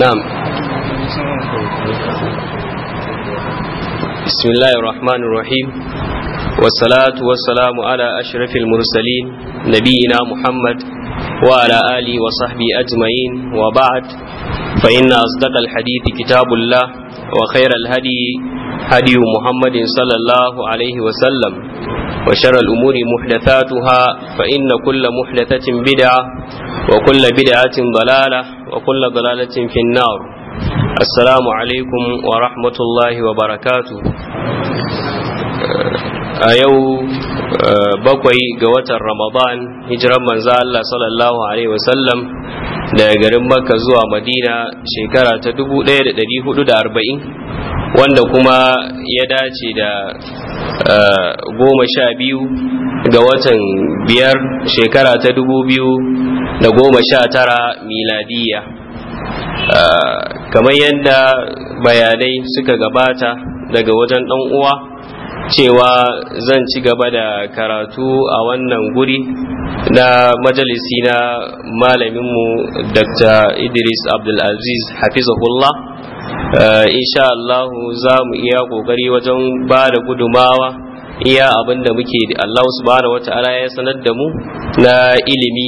na'am bismillahir rahmanir rahim والصلاة والسلام على أشرف المرسلين نبينا محمد وعلى آله وصحبه أجمعين وبعد فإن أصدق الحديث كتاب الله وخير الهدي هدي محمد صلى الله عليه وسلم وشر الأمور محدثاتها فإن كل محدثة بدعة وكل بدعة ضلالة وكل ضلالة في النار السلام عليكم ورحمة الله وبركاته a yau eh, bakwai ga watan ramadan hijiran manzo Allah sallallahu alaihi wasallam daga garin makka zuwa madina shekara ta 1440 wanda kuma ya dace da goma sha biyu ga watan biyar shekara ta dubu biyu da goma sha tara miladiya kamar yadda bayanai suka gabata daga wajen ɗan uwa cewa zan ci gaba da karatu a wannan guri na majalisi na malaminmu dr idris abdulaziz hafizahullah Eh, insha Allah za mu iya kokari wajen ba da gudumawa iya abin da muke Allah subhanahu ta'ala ya sanar da mu na ilimi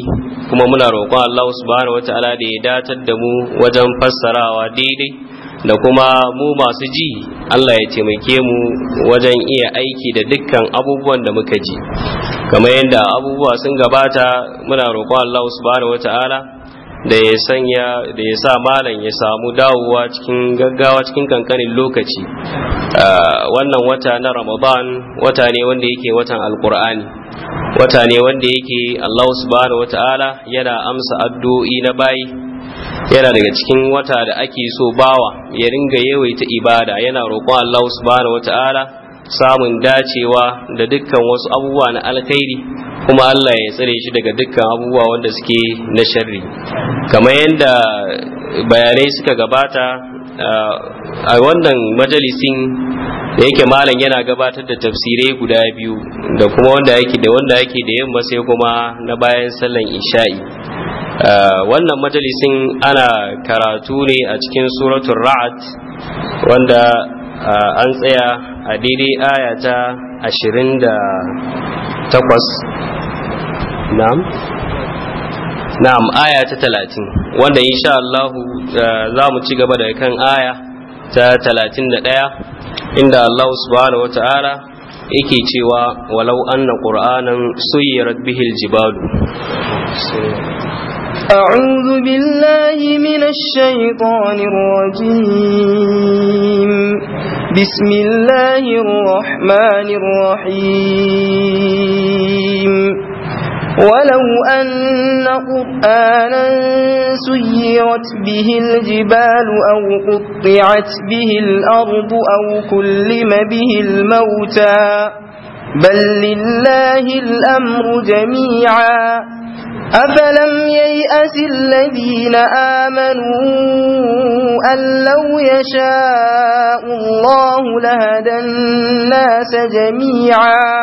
kuma muna roƙon Allah subhanahu ta'ala da ya datar da mu wajen fassarawa daidai da kuma mu masu ji Allah ya taimake mu wajen iya aiki da dukkan abubuwan da muka ji kamar yadda abubuwa sun gabata muna roƙon Allah subhanahu ta'ala da ya sa malam ya samu dawowa cikin gaggawa cikin kankanin lokaci wannan wata na ramadan wata ne wanda yake watan alkur'ani wata ne wanda yake allah subhanahu ta'ala yana amsa addu'o'i na bayi yana daga cikin wata da ake so bawa ya ringa yawaita ibada yana roƙon allah subhanahu ta'ala samun dacewa da dukkan wasu abubuwa na alkhairi kuma Allah ya tsare shi daga dukkan abubuwa wanda suke na sharri kamar yadda bayanai suka gabata a wannan majalisin da yake malam yana gabatar da tafsirai guda biyu da kuma wanda yake da wanda yake da yamma sai kuma na bayan sallan isha'i wannan majalisin ana karatu ne a cikin suratul ra'ad wanda an tsaya a daidai aya ta ashirin da takwas na'am na'am aya ta talatin wanda insha Allah eh, za mu ci gaba da kan aya ta talatin da ɗaya inda Allah subhanahu ta'ala yake cewa walau anna qur'anan suyirat bihil jibalu أعوذ بالله من الشيطان الرجيم بسم الله الرحمن الرحيم ولو أن قرآنا سيرت به الجبال أو قطعت به الأرض أو كلم به الموتى بل لله الأمر جميعا أفلم ييأس الذين آمنوا أن لو يشاء الله لهدى الناس جميعا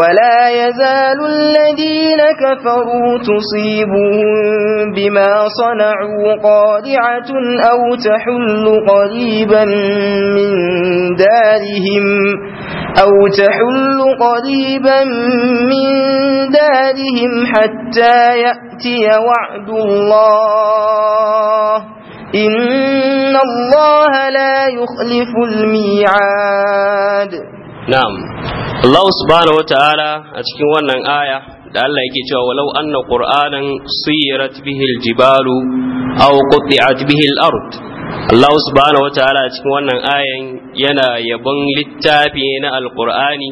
ولا يزال الذين كفروا تصيبهم بما صنعوا قارعة أو تحل قريبا من دارهم أو تحل قريبا من دارهم حتى يأتي وعد الله إن الله لا يخلف الميعاد نعم الله سبحانه وتعالى أتكي ونن آية da Allah ولو أن قرآنا صيرت به الجبال أو قطعت به الأرض Allah subhanahu ta'ala cikin wannan ayan yana yabon littafi na alkur'ani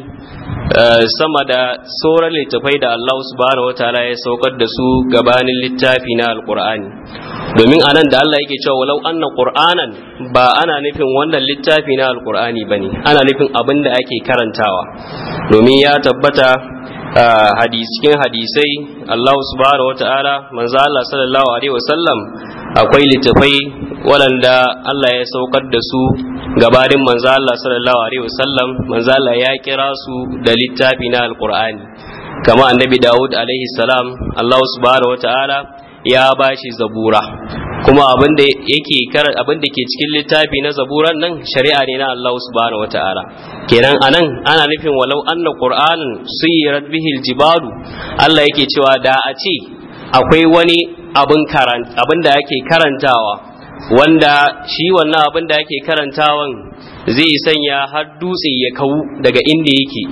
eh, sama da sauran littafai da Allah subhanahu ta'ala ya saukar da su gabanin littafi na alkur'ani domin anan da Allah yake cewa walau anna qur'anan ba ana nufin wannan littafi na alkur'ani bane ana nufin abin da ake karantawa domin ya tabbata cikin hadisai Allah subhanahu wata'ala manzo Allah sallallahu alaihi wasallam akwai litafai walanda Allah ya saukar da su gabanin manzo Allah sallallahu alaihi wasallam manzo Allah ya kira su da littafi na alqur'ani kama annabi Dawud alaihi salam Allah subhanahu wata'ala ya bashi zabura kuma abin yake ke cikin littafi na zaburan nan shari'a ne na Allah subhanahu wataala kenan anan ana nufin walau anna qur'anan suyirat bihil jibalu Allah yake cewa da a ce akwai wani abin abin da yake karantawa wanda shi wannan abin da ake karantawan zai sanya har dutse ya kawu daga inda yake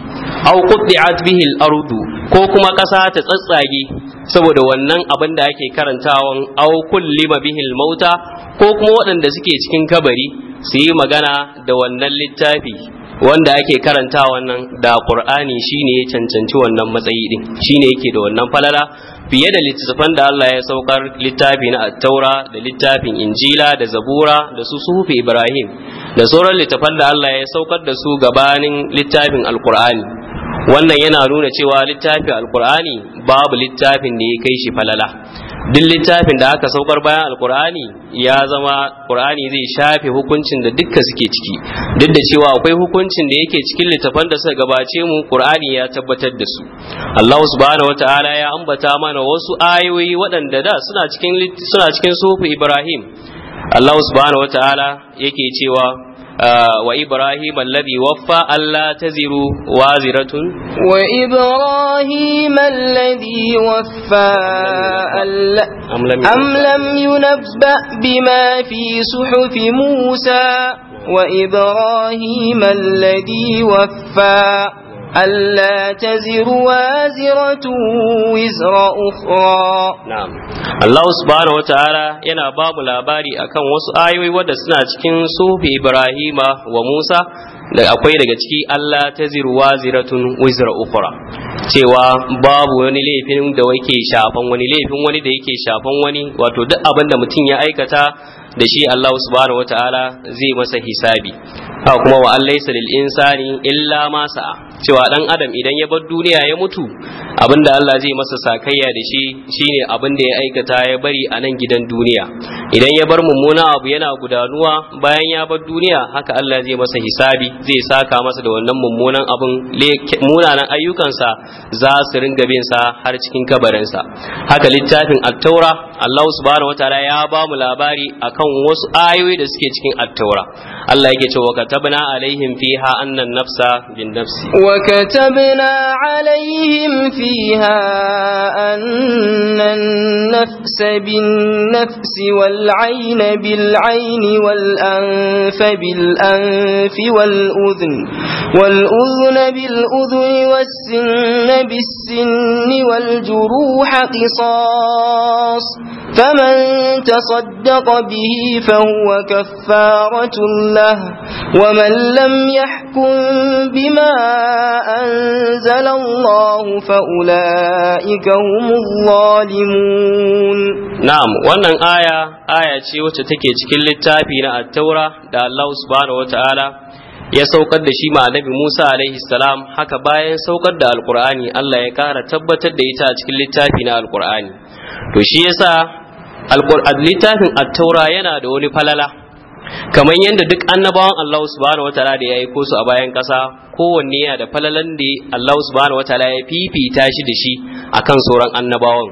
au qutti'at bihi al-ardu ko kuma ƙasa ta tsatsage saboda wannan abin da ake karantawan au kullima bihi al-mauta ko kuma waɗanda suke cikin kabari su yi magana da wannan littafi wanda ake karanta wannan da qur'ani shine ya cancanci wannan matsayi din shine yake da wannan falala fiye da littattafan da Allah ya saukar littafi na attaura da littafin injila da zabura da su suhufi ibrahim da sauran littattafan da Allah ya saukar da su gabanin littafin alkur'ani wannan yana nuna cewa littafin alkur'ani babu littafin da ya kai shi falala duk littafin da aka saukar bayan alkur'ani ya zama qur'ani zai shafe hukuncin da dukka suke ciki duk da cewa akwai hukuncin da yake cikin littafan da suka gabace mu qur'ani ya tabbatar da su Allah subhanahu wataala ya ambata mana wasu ayoyi waɗanda da suna cikin suna cikin sufu Ibrahim Allah subhanahu wataala yake cewa آه، وإبراهيم الذي وفى ألا تزر وازرة وإبراهيم الذي وفى ألا أم لم, أم لم ينبأ بما في صحف موسى نعم. وإبراهيم الذي وفى ألا تزر وازرة وزر أخرى نعم الله سبحانه وتعالى ينا باب لاباري أكن وسو آيوي ودسنا تكين صوف إبراهيم وموسى da akwai daga ciki Allah ta zirwa ziratun wizra ukura cewa babu wani laifin da yake shafan wani laifin wani da yake shafan wani wato duk abin da mutum ya aikata da shi Allah subhanahu ta'ala zai masa hisabi haka kuma wa allaisa lil insani illa ma sa'a cewa dan adam idan ya bar duniya ya mutu abinda Allah zai masa sakayya da shi shine abin da ya aikata ya bari a nan gidan duniya idan ya bar mummuna abu yana gudanuwa bayan ya bar duniya haka Allah zai masa hisabi zai saka masa da wannan mummunan abin munanan ayyukansa za su ringa bin sa har cikin kabarinsa haka littafin at-taura Allah subhanahu wataala ya ba mu labari akan wasu ayoyi da suke cikin at-taura Allah yake cewa katabna alaihim fiha annan nafsa bin nafsi wa katabna alaihim fiha annan nafsa bin nafsi wal والعين بالعين والأنف بالأنف والأذن والأذن بالأذن والسن بالسن والجروح قصاص فمن تصدق به فهو كفارة له ومن لم يحكم بما أنزل الله فأولئك هم الظالمون نعم wannan aya aya ce wacce take cikin littafi na at-taura da Allah ya saukar da shi ma annabi Musa alaihi salam haka bayan saukar da alqur'ani Allah ya kara tabbatar da ita a cikin littafi na alqur'ani to shi yasa littafin attaura yana da wani falala kamar yadda duk annabawan Allah subhanahu wataala da ya yi su a bayan ƙasa kowanne yana da falalan da Allah subhanahu wataala ya fifita shi da shi akan sauran annabawan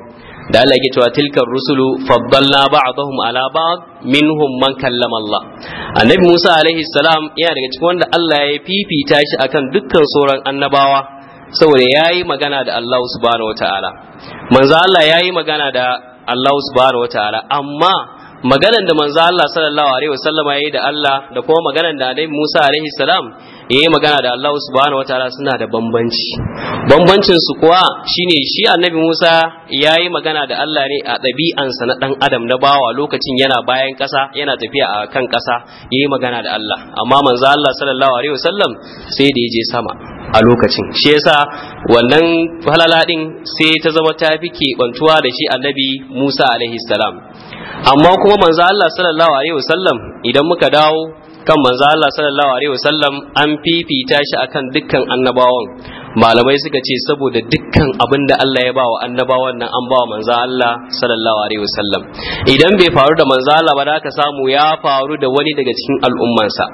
da Allah yake cewa tilkar rusulu faddalna ba'dahum ala ba'd minhum man kallama Allah annabi Musa alaihi salam yana daga cikin wanda Allah ya fifita shi akan dukkan sauran annabawa saboda yayi magana da Allah subhanahu wataala manzo Allah yayi magana da Allah subhanahu wataala amma maganan da manzo Allah sallallahu alaihi wasallama yayi da Allah da kuma maganan da Annabi Musa alaihi salam yayi magana da Allah subhanahu wataala suna da bambanci bambancin su kuwa shine shi Annabi Musa yayi magana da Allah ne a ɗabi'ansa na dan adam na bawa lokacin yana bayan ƙasa yana tafiya a kan ƙasa yayi magana da Allah amma manzo Allah sallallahu alaihi wasallam sai da yaje sama a lokacin shi yasa wannan falala din sai ta zama ta fi keɓantuwa da shi annabi Musa alaihi salam amma kuma manzo Allah sallallahu alaihi wasallam idan muka dawo kan manzo Allah sallallahu alaihi wasallam an fifita shi akan dukkan annabawan malamai suka ce saboda dukkan abin da Allah ya ba bawa annabawan nan an ba wa manzo Allah sallallahu alaihi wasallam idan bai faru da manzo Allah ba ka samu ya faru da wani daga cikin al'ummansa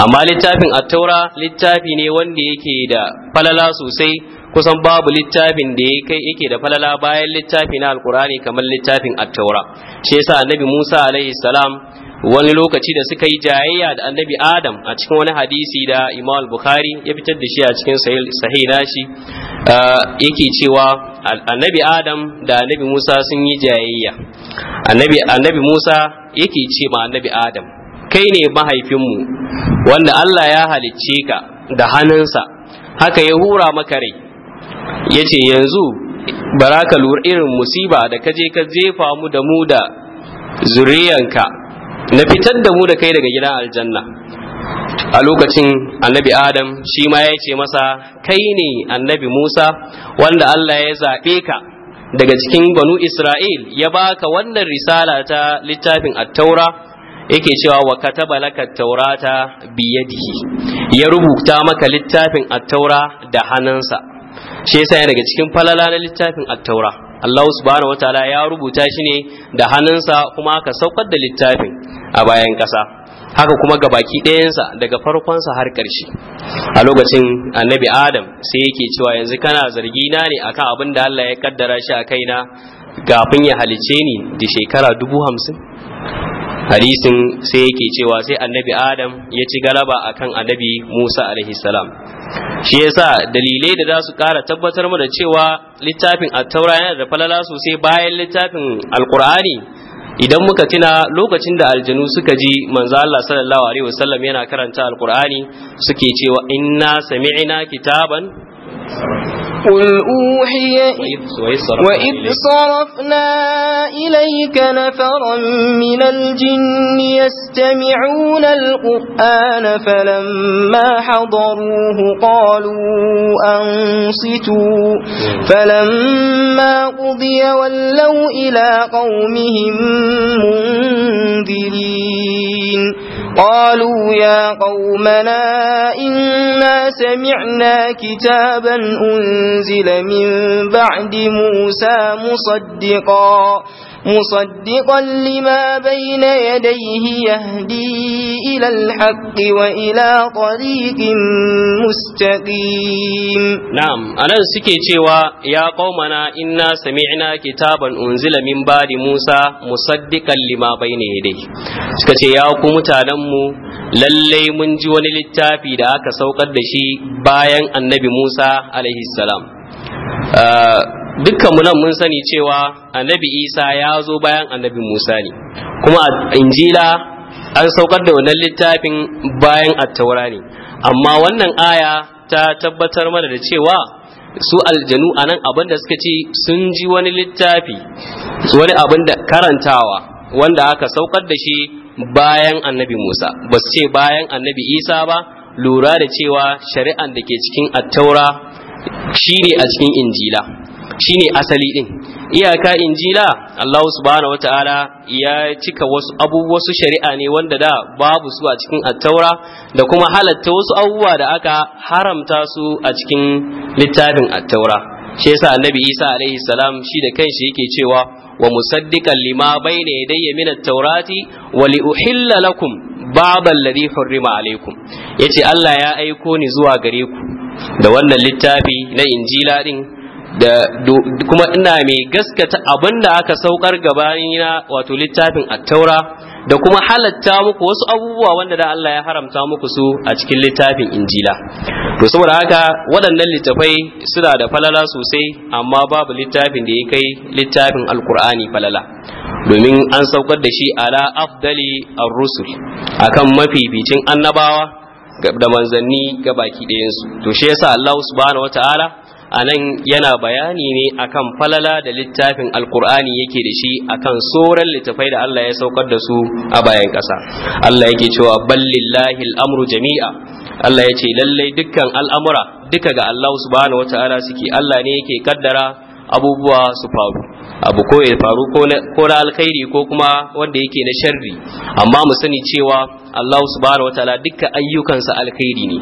amma littafin at-taura littafi ne wanda yake da falala sosai kusan babu littafin da ya kai yake da falala bayan littafi na alkurani kamar littafin at-taura shi yasa annabi Musa alaihi salam wani lokaci da suka yi jayayya da annabi adam a cikin wani hadisi da imam al bukhari ya fitar da shi a cikin sahih nashi yake cewa annabi adam da annabi musa sun yi jayayya annabi musa yake ce ma annabi adam kai ne mahaifinmu wanda allah ya halicce ka da hannunsa haka ya hura maka rai ya ce yanzu baraka lura irin musiba da kaje ka jefa mu da mu da zuriyanka na fitar da mu da kai daga gidan aljanna a lokacin annabi adam shi ma ya ce masa kai ne annabi musa wanda allah ya zaɓe ka daga cikin banu isra'il ya baka wannan risala ta littafin attaura yake cewa wa kataba laka taurata biyadihi ya rubuta maka littafin attaura da hannunsa shi yasa daga cikin falala na littafin attaura Allah subhanahu ta'ala ya rubuta shi ne da hannunsa kuma aka saukar da littafin a bayan ƙasa haka kuma ga baki ɗayansa daga farkonsa har ƙarshe a lokacin annabi adam sai yake cewa yanzu kana zargi na ne akan abin da Allah ya kaddara shi a kaina Gafin ya halice ni da shekara dubu hamsin hadisin sai yake cewa sai annabi adam ya ci galaba akan annabi musa alaihi salam shi yasa dalilai da za su kara tabbatar mu da cewa littafin attaura yana da falala sosai bayan littafin alkur'ani idan muka tuna lokacin da aljanu suka ji manzo Allah sallallahu alaihi wasallam yana karanta alkur'ani suke cewa inna sami'na kitaban قل أوحي وإذ صرفنا إليك نفرا من الجن يستمعون القرآن فلما حضروه قالوا أنصتوا فلما قضي ولوا إلى قومهم منذرين قالوا يا قومنا إنا سمعنا كتابا أنزل من بعد موسى مصدقا مصدقا لما بين يديه يهدي إلى الحق وإلى طريق مستقيم نعم أنا سكي تيوى يا قومنا إنا سمعنا كتابا أنزل من بعد موسى مصدقا لما بين يديه سكتي يا قوم تعلموا lallai mun ji wani littafi da aka saukar da shi bayan annabi Musa alaihi salam dukkanmu nan mun sani cewa annabi isa ya zo bayan annabi musa ne kuma a injila an saukar da wannan littafin bayan attaura ne amma wannan aya ta tabbatar mana da cewa su aljanu a nan abin da suka ce sun ji wani littafi wani abin karantawa wanda aka saukar da shi bayan annabi musa ba su ce bayan annabi isa ba lura da cewa shari'an da ke cikin attaura shi ne a cikin injila shine asali ɗin. iyaka injila Allah subhanahu wataala ya cika wasu abubuwa su shari'a ne wanda da babu su a cikin attaura da kuma halatta wasu abubuwa da aka haramta su a cikin littafin attaura shi yasa annabi Isa alaihi salam shi da kanshi yake cewa wa musaddiqan lima bayna yadayya min at-taurati wa li uhilla lakum ba'd alladhi hurrima alaykum yace Allah ya aiko ni zuwa gare ku da wannan littafi na injila din da kuma ina mai gaskata abin da aka saukar gabanina wato littafin attaura da kuma halatta muku wasu abubuwa wanda da Allah ya haramta muku su a cikin littafin injila to saboda haka waɗannan littafai suna da falala sosai amma babu littafin da ya kai littafin alkur'ani falala domin an saukar da shi ala afdali ar-rusul akan mafificin annabawa da manzanni ga baki ɗayansu to shi yasa Allah subhanahu wataala anan yana bayani ne akan falala da littafin alkur'ani yake da shi akan sauran littafai da Allah ya saukar da su a bayan ƙasa Allah yake cewa ballillahi al'amru jami'a Allah ya ce lallai dukkan al'amura duka ga Allah subhanahu wata'ala suke Allah ne yake kaddara abubuwa su faru abu ko ya faru ko na alkhairi ko kuma wanda yake na sharri amma mu sani cewa Allah subhanahu wataala dukkan ayyukansa alkhairi ne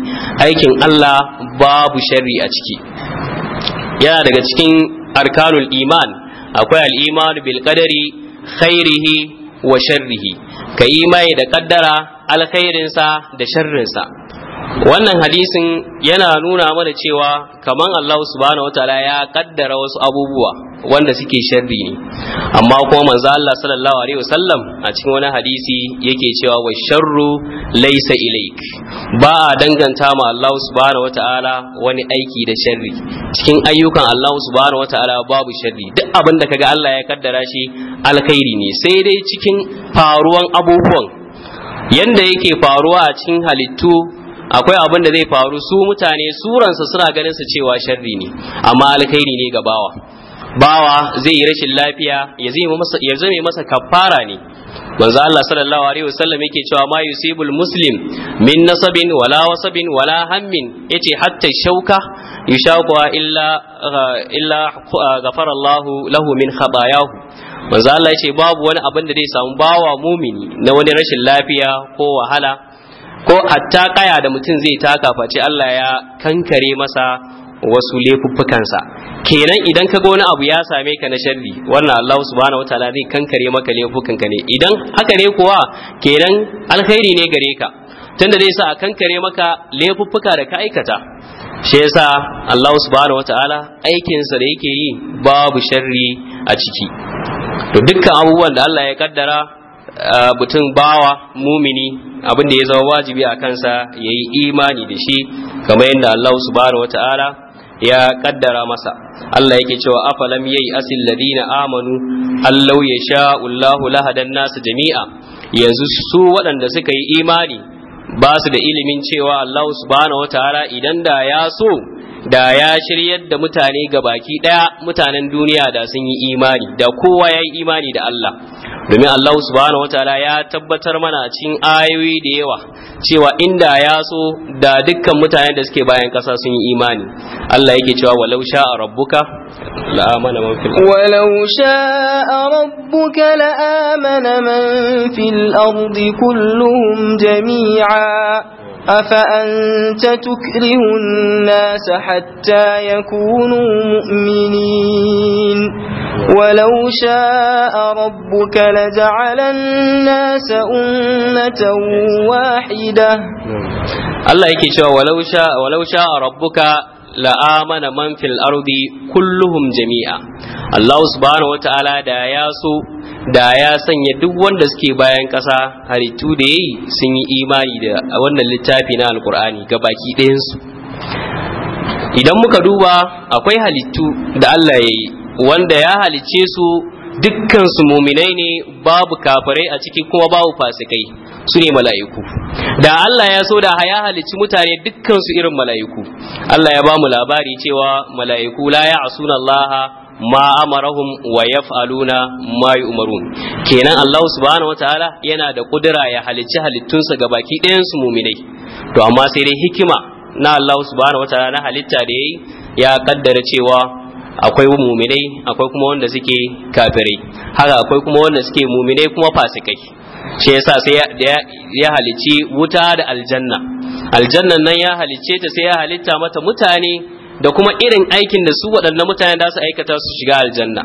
aikin Allah babu sharri a ciki yana daga cikin arkanul iman akwai al'iman bil qadari khairihi wa sharrihi ka imani da kaddara alkhairinsa da sharrinsa wannan hadisin yana nuna mana cewa kaman Allah subhanahu wataala ya kaddara wasu abubuwa wanda suke sharri ne amma kuma manzo Allah sallallahu alaihi wasallam a cikin wani hadisi yake cewa wa sharru laysa ilaik ba a danganta ma Allah subhanahu wataala wani aiki da sharri cikin ayyukan Allah subhanahu wataala babu sharri duk abin da kaga Allah ya kaddara shi alkhairi ne sai dai cikin faruwan abubuwan yanda yake faruwa a cikin halittu akwai abin da zai faru su mutane suransa suna ganin su cewa sharri ne amma alkhairi ne ga bawa bawa zai yi rashin lafiya ya zame masa kafara ne manzo Allah sallallahu alaihi wasallam yake cewa ma yusibul muslim min nasabin wala wasabin wala hammin yace hatta shauka yushaqu illa illa ghafara Allah lahu min khabayahu manzo Allah yace babu wani abin da zai samu bawa mumini na wani rashin lafiya ko wahala ko hatta kaya da mutum zai taka face Allah ya kankare masa wasu laifuffukansa kenan idan ka wani abu ya same ka na sharri wannan Allah subhanahu wataala zai kankare maka laifukanka ne idan haka ne kuwa kenan alkhairi ne gare ka tunda zai sa a kankare maka laifuffuka da ka aikata shi yasa Allah subhanahu wataala aikinsa da yake yi babu sharri a ciki to dukkan abubuwan da Allah ya kaddara eh, mutum bawa mumini abin da ya zama wajibi a kansa ya yi imani da shi kamar yadda Allah subhanahu wata'ala ya kaddara masa Allah yake cewa afalam yayi asil ladina amanu allau ya sha Allahu lahadan nasu jami'a yanzu su waɗanda suka yi imani ba su da ilimin cewa Allah subhanahu wata'ala idan da ya so da ya shiryar da mutane ga baki ɗaya mutanen duniya da sun yi imani da kowa ya yi imani da Allah domin Allah subhanahu wataala ya tabbatar mana cikin ayoyi da yawa cewa inda ya so da dukkan mutanen da suke bayan kasa sun yi imani Allah yake cewa walau sha'a rabbuka la'amana man fil walau sha'a rabbuka la'amana man fil ardi kulluhum jami'a أفأنت تكره الناس حتى يكونوا مؤمنين ولو شاء ربك لجعل الناس أمة واحدة الله يكي شاء ولو شاء ولو شاء ربك لآمن من في الأرض كلهم جميعا الله سبحانه وتعالى da ya sanya duk wanda suke bayan ƙasa halittu da yayi sun yi imani da wannan littafi na alkur'ani ga baki ɗayansu idan muka duba akwai halittu da Allah ya yi wanda ya halice su dukkan su muminai ne babu kafirai a ciki kuma babu fasikai su ne mala'iku da Allah ya so da ya halicci mutane dukkan su irin mala'iku Allah ya ba mu labari cewa mala'iku la ya asuna Allah ma amarahum wa yaf'aluna ma yu'marun kenan Allah subhanahu wataala yana da kudura ya halicci halittunsa ga baki ɗayan su muminai to amma sai dai hikima na Allah subhanahu wataala na halitta da yayi ya kaddara cewa akwai muminai akwai kuma wanda suke kafirai haka akwai kuma wanda suke muminai kuma fasikai shi yasa sai ya halicci wuta da aljanna aljannan nan ya halicce ta sai ya halitta mata mutane da kuma irin aikin da su waɗannan mutane da su aikata su shiga aljanna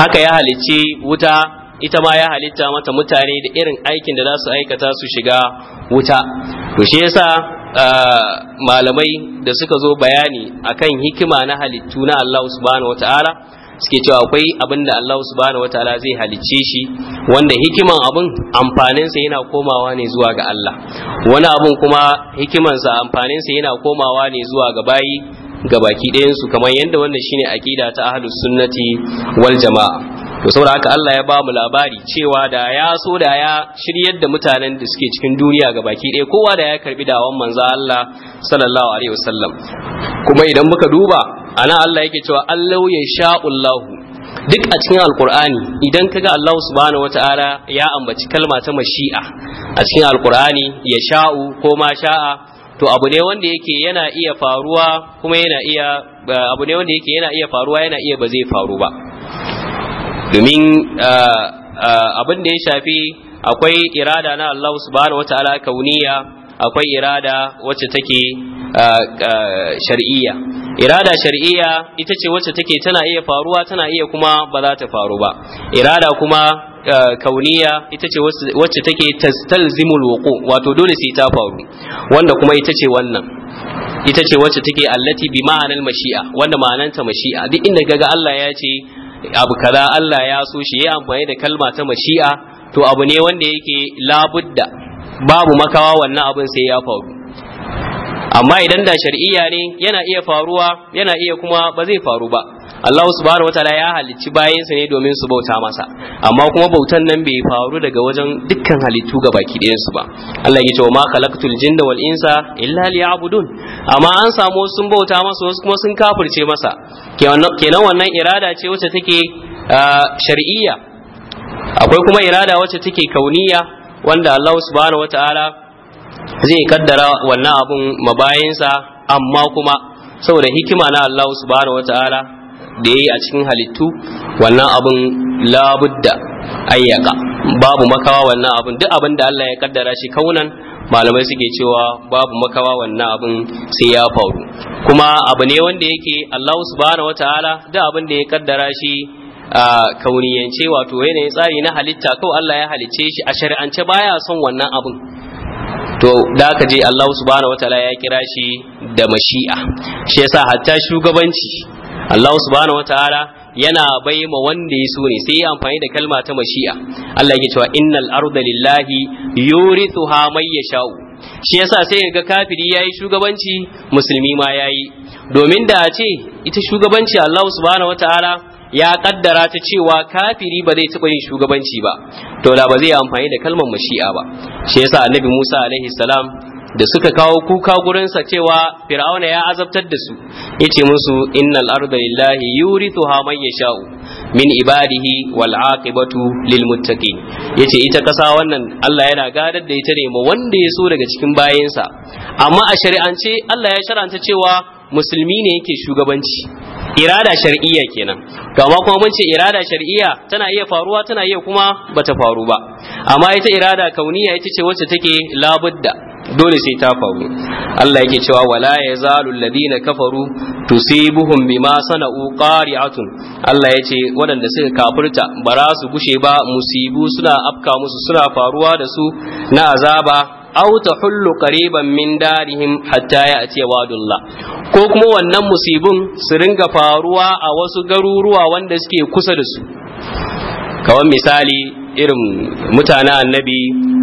haka ya halicci wuta ita ma ya halitta mata mutane da irin aikin da za su aikata su shiga wuta to shi yasa malamai da suka zo bayani akan hikima na halittu na Allah subhanahu wataala suke cewa akwai abin da Allah subhanahu wataala zai halicce shi wanda hikiman abin amfaninsa yana komawa ne zuwa ga Allah wani abin kuma hikimansa amfaninsa yana komawa ne zuwa ga bayi ga baki ɗayansu kamar yadda wannan shine aƙida ta ahlus sunnati wal jama'a to saboda haka Allah ya ba mu labari cewa da ya so da ya shiryar da mutanen da suke cikin duniya ga baki ɗaya kowa da ya karbi dawon manzo Allah sallallahu alaihi wasallam kuma idan muka duba ana Allah yake cewa Allah ya sha'ullahu duk a cikin alkur'ani idan kaga Allah subhanahu wataala ya ambaci kalma ta mashi'a a cikin alkur'ani ya sha'u ko ma sha'a to abu ne wanda yake yana iya faruwa kuma yana iya abu ne wanda yake yana iya faruwa yana iya ba zai faru ba domin ah, ah, abin da ya shafi akwai irada na Allah subhanahu ta'ala kauniya akwai irada wacce take ah, shar'iyya irada shar'iyya ita ce wacce take tana iya faruwa tana iya kuma ba za ta faru ba irada kuma kauniya ita ce wacce take tastalzimul wuqu wato dole sai ta faru wanda kuma ita ce wannan ita ce wacce take allati bi ma'anal mashi'a wanda ma'ananta mashi'a duk inda kaga Allah ya ce abu kaza Allah ya so shi ya amfani da kalma ta mashi'a to abu ne wanda yake labudda babu makawa wannan abin sai ya faru amma idan da shar'iyya ne yana iya faruwa yana iya kuma ba zai faru ba Allah subhanahu wataala ya halicci bayansa ne domin su bauta masa amma kuma bautan nan bai faru daga wajen dukkan halittu ga baki ɗayan su ba Allah ya ce wa ma khalaqtul jinna wal insa illa liya'budun amma an samu sun bauta masa wasu kuma sun kafirce masa kenan wannan irada ce wacce take ah, shar'iyya akwai kuma irada wacce take kauniya wanda Allah subhanahu wataala zai kaddara wannan abun mabayinsa amma kuma saboda hikima na Allah subhanahu wataala da yayi a cikin halittu wannan abun labudda ayyaka babu makawa wannan abun duk abin da Allah ya kaddara shi kaunan malamai suke cewa babu makawa wannan abin sai ya faru kuma abu ne wanda yake Allah subhanahu wataala duk abin da ya kaddara shi a kauniyance wato yanayin tsari na halitta kawai Allah ya halicce shi a shari'ance baya son wannan abun to da aka je Allah subhanahu wataala ya kira shi da mashi'a shi yasa hatta shugabanci Allah subhanahu ta'ala yana bai ma wanda ya so ne sai ya amfani da kalma ta mashi'a Allah yake cewa innal arda lillahi yurithuha may yasha'u shi yasa sai ga kafiri yayi shugabanci musulmi ma yayi domin da a ce ita shugabanci Allah subhanahu ta'ala ya kaddara ta cewa kafiri ba zai taɓa yin shugabanci ba to da ba zai amfani da kalmar mashi'a ba shi yasa annabi Musa alaihi salam da suka kawo kuka gurinsa cewa fir'auna ya azabtar da su yace musu innal arda lillahi yurithuha man yasha'u min ibadihi wal aqibatu lil muttaqin yace ita kasa wannan Allah yana gadar da ita ne ma wanda ya so daga cikin bayinsa amma a shari'ance Allah ya sharanta cewa musulmi ne yake shugabanci irada shar'iyya kenan to amma kuma mun ce irada shar'iyya tana iya faruwa tana iya kuma bata faru ba amma ita irada kauniya ita ce wacce take labudda dole sai ta faru Allah yake cewa wala zalu alladhina kafaru tusibuhum bima sana'u qari'atun Allah yace waɗanda suka kafirta ba za su gushe ba musibu suna afka musu suna faruwa da su na azaba aw tahullu qariban min darihim hatta ya'ti wa'dullah ko kuma wannan musibin su ringa faruwa a wasu garuruwa wanda suke kusa da su kawai misali irin mutanen annabi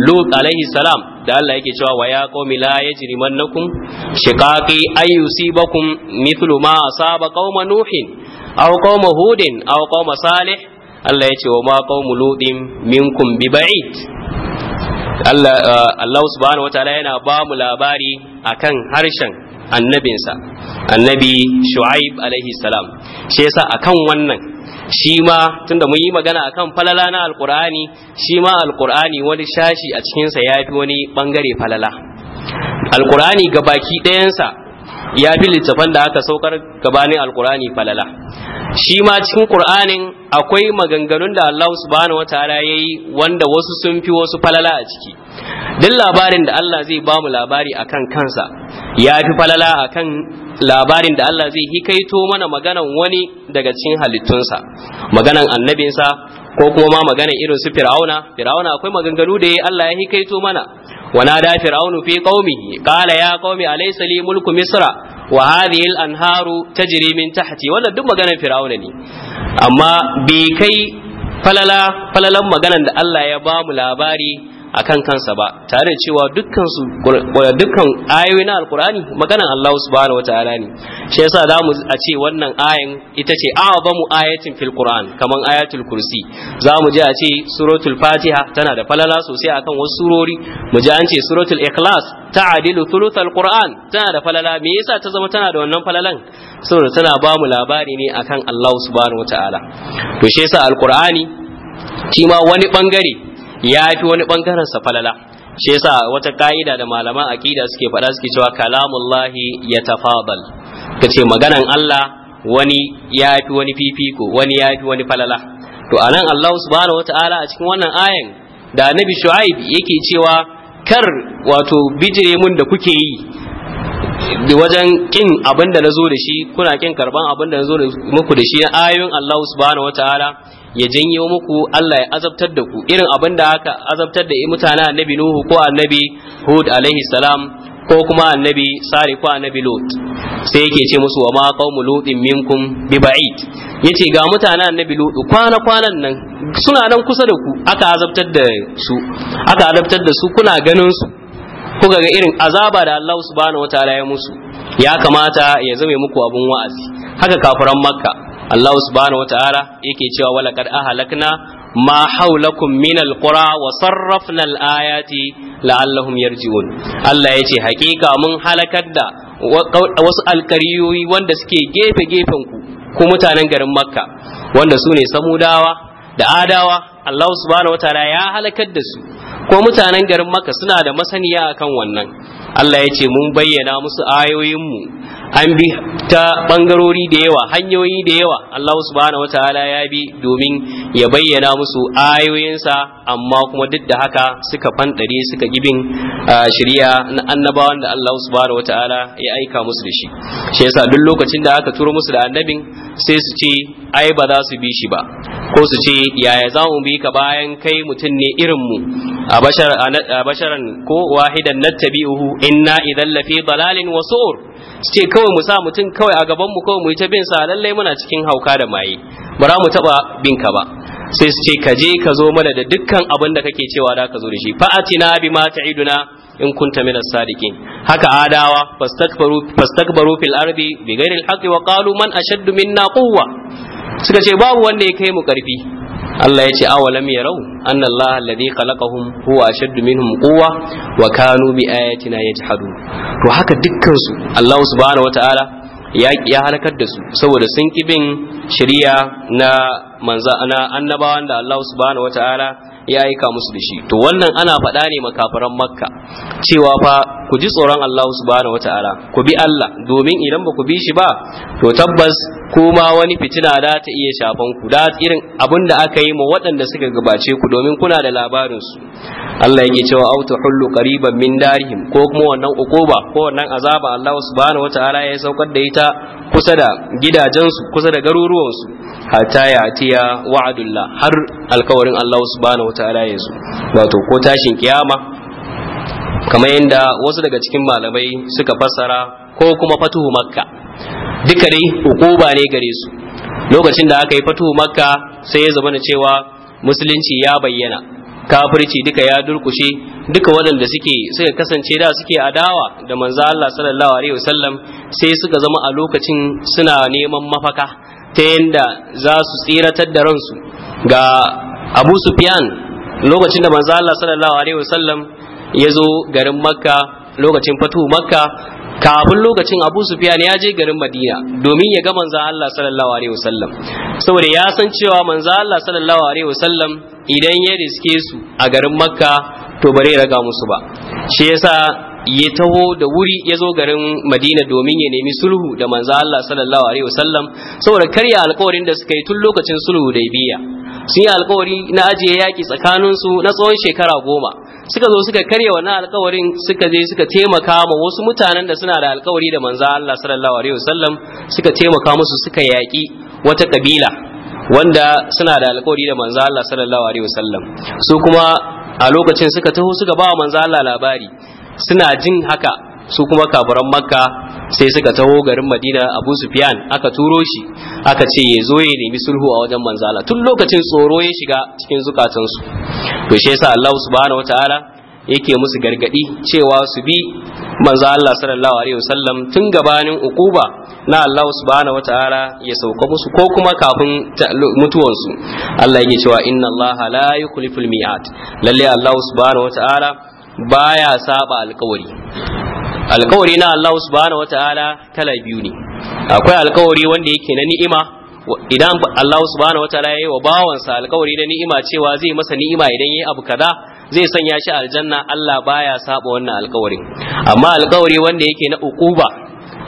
lut alaihi salam da Allah yake cewa wa ya qaumi la yajrimannakum shiqaqi ay yusibakum mithlu ma asaba qauma nuhin aw qauma hudin aw qauma salih Allah ya wa ma qaumu ludin minkum bi ba'id Allah uh, Allah subhanahu wataala yana ba mu labari akan harshen annabinsa annabi Shu'aib alaihi salam shi yasa akan wannan shi ma tunda mun yi magana akan falala na alkur'ani shi ma alkur'ani wani shashi a cikinsa ya fi wani bangare falala alkur'ani ga baki ɗayansa ya fi littafan da aka saukar gabanin alkurani falala shi ma cikin qur'anin akwai maganganun da Allah subhanahu wataala yayi wanda wasu sun fi wasu falala a ciki duk labarin da Allah zai ba mu labari akan kansa ya fi falala akan labarin da Allah zai hikaito mana maganan wani daga cikin halittunsa maganan annabinsa ko kuma ma magana irin su fir'auna fir'auna akwai maganganu da Allah ya hikaito mana fi فرعون qala ya qaumi alaysa li mulku misra wa hadhihi al-anharu tajri min tahti wannan duk maganar fir'auna ne amma bai kai falala falalan maganar da Allah ya bamu labari akan kansa ba tare da cewa dukkan su dukkan ayoyi na alkur'ani maganan Allah subhanahu wataala ne shi yasa zamu a ce wannan ayan ita ce a'zamu ayatin fil qur'an kaman ayatul kursi zamu je a ce suratul fatiha tana da falala sosai akan wasu surori mu je an ce suratul ikhlas ta'adilu thuluthal qur'an tana da falala me yasa ta zama tana da wannan falalan saboda tana ba mu labari ne akan Allah subhanahu wataala to shi yasa alqur'ani shi ma wani bangare ya fi wani bangaren sa falala shi yasa wata ka'ida da malaman aqida suke faɗa suke cewa kalamullahi ya tafadal kace maganan Allah wani ya fi wani fifiko wani ya fi wani falala to anan Allah subhanahu wataala a cikin wannan ayan da Nabi Shu'aib yake cewa kar wato bijire mun da kuke yi wajen kin abin da na zo da shi kuna kin karban abin da na zo muku da shi ayoyin Allah subhanahu wataala ya janyo muku Allah ya azabtar da ku irin abin da aka azabtar da mutane annabi Nuhu ko annabi Hud alaihi salam ko kuma annabi Sari ko annabi Lut sai yake ce musu wa ma qaumu lutin minkum bi ba'id yace ga mutanen annabi Lut kwana kwanan nan suna nan kusa da ku aka azabtar da su aka azabtar da su kuna ganin su kuka ga irin azaba da Allah subhanahu wataala ya musu ya kamata ya zame muku abun wa'azi haka kafiran makka Allah subhanahu ta’ala yake cewa wala kad ahlakna ma haulakum min alqura wa sarrafna alayati la'allahum yarji'un Allah ya ce hakika mun halakar da wasu alkariyoyi wanda suke gefe gefen ku ku mutanen garin Makka wanda su ne Samudawa da Adawa Allah subhanahu ta'ala ya halakar da su ko mutanen garin Makka suna da masaniya akan wannan Allah ya ce mun bayyana musu ayoyinmu an bi ta bangarori da yawa hanyoyi da yawa Allah subhanahu ta'ala ya bi domin ya bayyana musu ayoyinsa amma kuma duk da haka suka fanɗare suka gibin shari'a na annabawan da Allah subhanahu ta'ala ya aika musu da shi shi yasa duk lokacin da aka turo musu da annabin sai su ce ai ba za su bi shi ba ko su ce yaya za mu bi ka bayan kai mutum ne irinmu a basharan ko wahidan nattabi'uhu inna idan lafi dalalin wasu ur? su ce kawai mu sa mutum kawai a gaban mu kawai mu yi ta bin sa lallai muna cikin hauka da maye ba za mu taba bin ka ba sai su ce ka je ka zo mana da dukkan abin da kake cewa da ka zo da shi fa'atina bima ta'iduna in kunta min as-sadiqin haka adawa fastakbaru fastakbaru fil ardi bighairi al-haqqi wa qalu man ashaddu minna quwwa suka ce babu wanda ya kai mu karfi Allah ya ce awalam yarau anna Allah alladhi khalaqahum huwa ashaddu minhum quwwa wa kanu bi ayatina yajhadu to haka dukkan su Allah subhanahu wataala ya ya halakar da su saboda sun ki bin shari'a na manza na annabawan da Allah subhanahu wataala ya aika musu da shi to wannan ana faɗa ne makafaran makka cewa fa ku ji tsoron Allah subhanahu wataala ku bi Allah domin idan ba ku bi shi ba to tabbas kuma wani fitina da ta iya shafan ku da irin abin da aka yi ma waɗanda suka gabace ku domin kuna da labarin su Allah yake cewa auta hullu qariban min darihim ko kuma wannan ukuba ko wannan azaba Allah subhanahu wataala ya saukar da ita kusa da gidajensu kusa da garuruwansu hatta ya atiya wa'dullah har alkawarin Allah subhanahu wataala ya zo wato ko tashin kiyama kamar yadda wasu daga cikin malamai suka fassara ko kuma fatuhu makka duka dai hukuma ne gare su lokacin da aka yi fatuhu makka sai ya zama cewa musulunci ya bayyana kafirci duka ya durkushe duka waɗanda suke suka kasance da suke adawa da manzo Allah sallallahu alaihi wasallam sai suka zama a lokacin suna neman mafaka ta yanda za su tsiratar da ransu ga Abu Sufyan lokacin da manzo Allah sallallahu alaihi wasallam ya zo garin Makka lokacin fatu Makka kafin lokacin Abu Sufyan ya je garin Madina domin ya ga manza Allah sallallahu alaihi wasallam saboda ya san cewa manza Allah sallallahu alaihi wasallam idan ya riske su a garin Makka to bare raga musu ba shi yasa ya taho da wuri ya zo garin madina domin ya nemi sulhu da manza Allah sallallahu alaihi wasallam saboda karya alkawarin da suka yi tun lokacin sulhu da biya sun yi alkawari na ajiye yaƙi tsakaninsu na tsawon shekara goma suka zo suka karya wannan alkawarin suka je suka taimaka ma wasu mutanen da suna da alkawari da manzo Allah sallallahu alaihi wasallam suka taimaka musu suka yaƙi wata kabila wanda suna da alkawari da manzo Allah sallallahu alaihi wasallam su kuma a lokacin suka taho suka ba manzo Allah labari suna jin haka su kuma kafiran makka sai suka taho garin madina abu sufyan aka turo shi aka ce ya zo ya nemi sulhu a wajen manzala tun lokacin tsoro ya shiga cikin zukatansu to shi yasa Allah subhanahu wataala yake musu gargadi cewa su bi manzo Allah sallallahu alaihi wasallam tun gabanin ukuba na Allah subhanahu wataala ya sauka musu ko kuma kafin mutuwansu Allah yake cewa inna Allah la yukhliful mi'ad lalle Allah subhanahu wataala baya saba alkawari alkawari na Allah subhanahu wataala kala biyu ne akwai alkawari wanda yake na ni'ima idan Allah subhanahu wataala yayi wa bawansa alkawari na ni'ima cewa zai masa ni'ima idan yayi abu kaza zai sanya shi aljanna Allah baya saba wannan alkawarin amma alkawari wanda yake na ukuba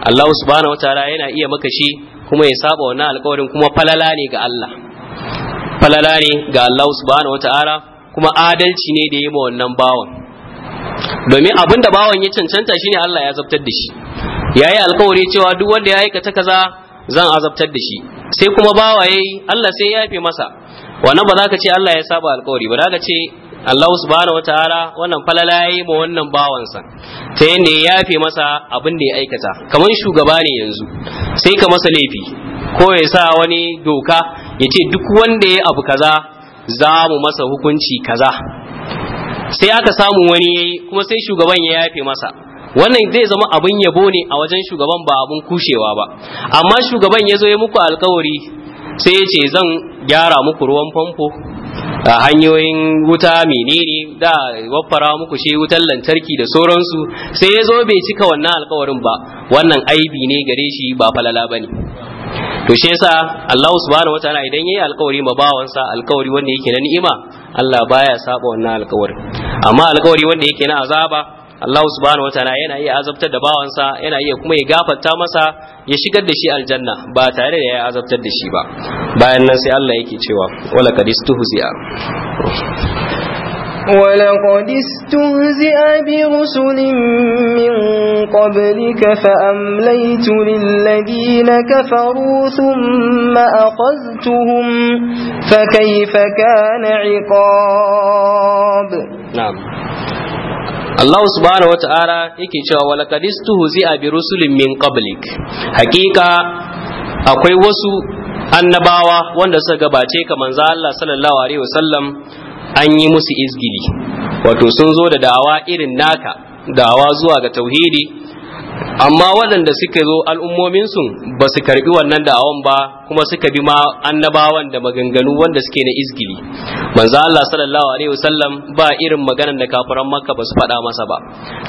Allah subhanahu wataala yana iya maka shi kuma ya saba wannan alkawarin kuma falala ne ga Allah falala ne ga Allah subhanahu wataala kuma adalci ne da yi ma wannan bawan domin abin da bawan ya cancanta shine Allah ya zabtar da shi yayi alkawari cewa duk wanda ya aikata kaza zan azabtar da shi sai kuma bawa yayi Allah sai ya yafe masa wannan ba za ka ce Allah ya saba alkawari ba za ka ce Allah subhanahu wataala wannan falala yayi ma wannan sa ta yadda ya yafe masa abin da ya aikata kamar shugaba ne yanzu sai ka masa laifi ko ya sa wani doka ya ce duk wanda ya abu kaza za mu masa hukunci kaza sai aka samu wani yayi kuma sai shugaban ya yafe masa wannan zai zama abun yabo ne a wajen shugaban ba abin kushewa ba amma shugaban ya zo ya muku alkawari sai ya ce zan gyara muku ruwan famfo A hanyoyin wuta menene da waffara muku shi wutar lantarki da sauransu sai ya zo bai cika wannan alkawarin ba wannan aibi ne gare shi ba falala ba ne to shi yasa Allah subhanahu wataala idan yayi alkawari ma bawansa alkawari wanda yake na ni'ima Allah baya saba wannan alkawari amma alkawari wanda yake na azaba Allah subhanahu wataala yana iya azabtar da bawansa yana iya kuma ya gafarta masa ya shigar da shi aljanna ba tare da ya azabtar da shi ba bayan nan sai Allah yake cewa wala kadistuhu zi'a ولقد استهزئ برسل من قبلك فأمليت للذين كفروا ثم أخذتهم فكيف كان عقاب نعم Allah subhanahu wata'ala yake cewa walakadistu huzi'a bi rusulin min qablik hakika akwai wasu annabawa wanda suka gabace ka manzo Allah sallallahu alaihi wasallam an yi musu izgili wato sun zo da dawa irin naka dawa zuwa ga tauhidi amma waɗanda suka zo al'ummominsu ba su karbi wannan da'awan ba kuma suka bi ma annabawan da maganganu wanda suke na izgili manzo Allah sallallahu alaihi wasallam ba irin maganar da kafiran makka ba su faɗa masa ba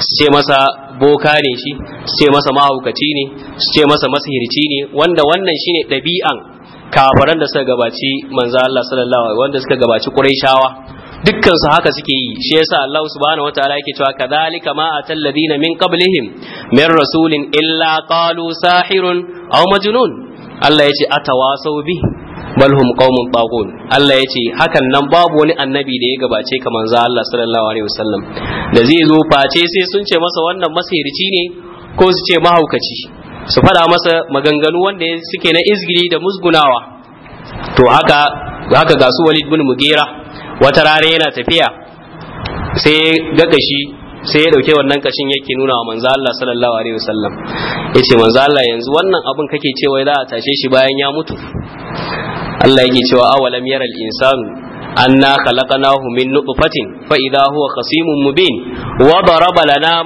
su ce masa boka ne shi su ce masa mahaukaci ne su ce masa masihirci ne wanda wannan shine ɗabi'an kafaran da suka gabaci manzo Allah sallallahu alaihi wanda suka gabaci Quraishawa dukkan su haka suke yi shi yasa Allah subhanahu wataala yake cewa kadhalika ma atal ladina min qablihim min rasulin illa qalu sahirun aw majnun Allah yace atawasau bi bal hum qaumun taqun Allah yace hakan nan babu wani annabi da ya gabace ka manzo Allah sallallahu alaihi wasallam da zai zo face sai sun ce masa wannan masihirci ne ko su ce mahaukaci su faɗa masa maganganu wanda suke na izgiri da musgunawa to haka haka ga su walid bin mugira wata rare yana tafiya sai ga kashi sai ya dauke wannan kashin yake nuna wa manzo Allah sallallahu alaihi wasallam yace manzo Allah yanzu wannan abin kake cewa za a tashe shi bayan ya mutu Allah yake cewa awalam yaral insanu أنا خلقناه من نطفة فإذا هو mubin مبين na لنا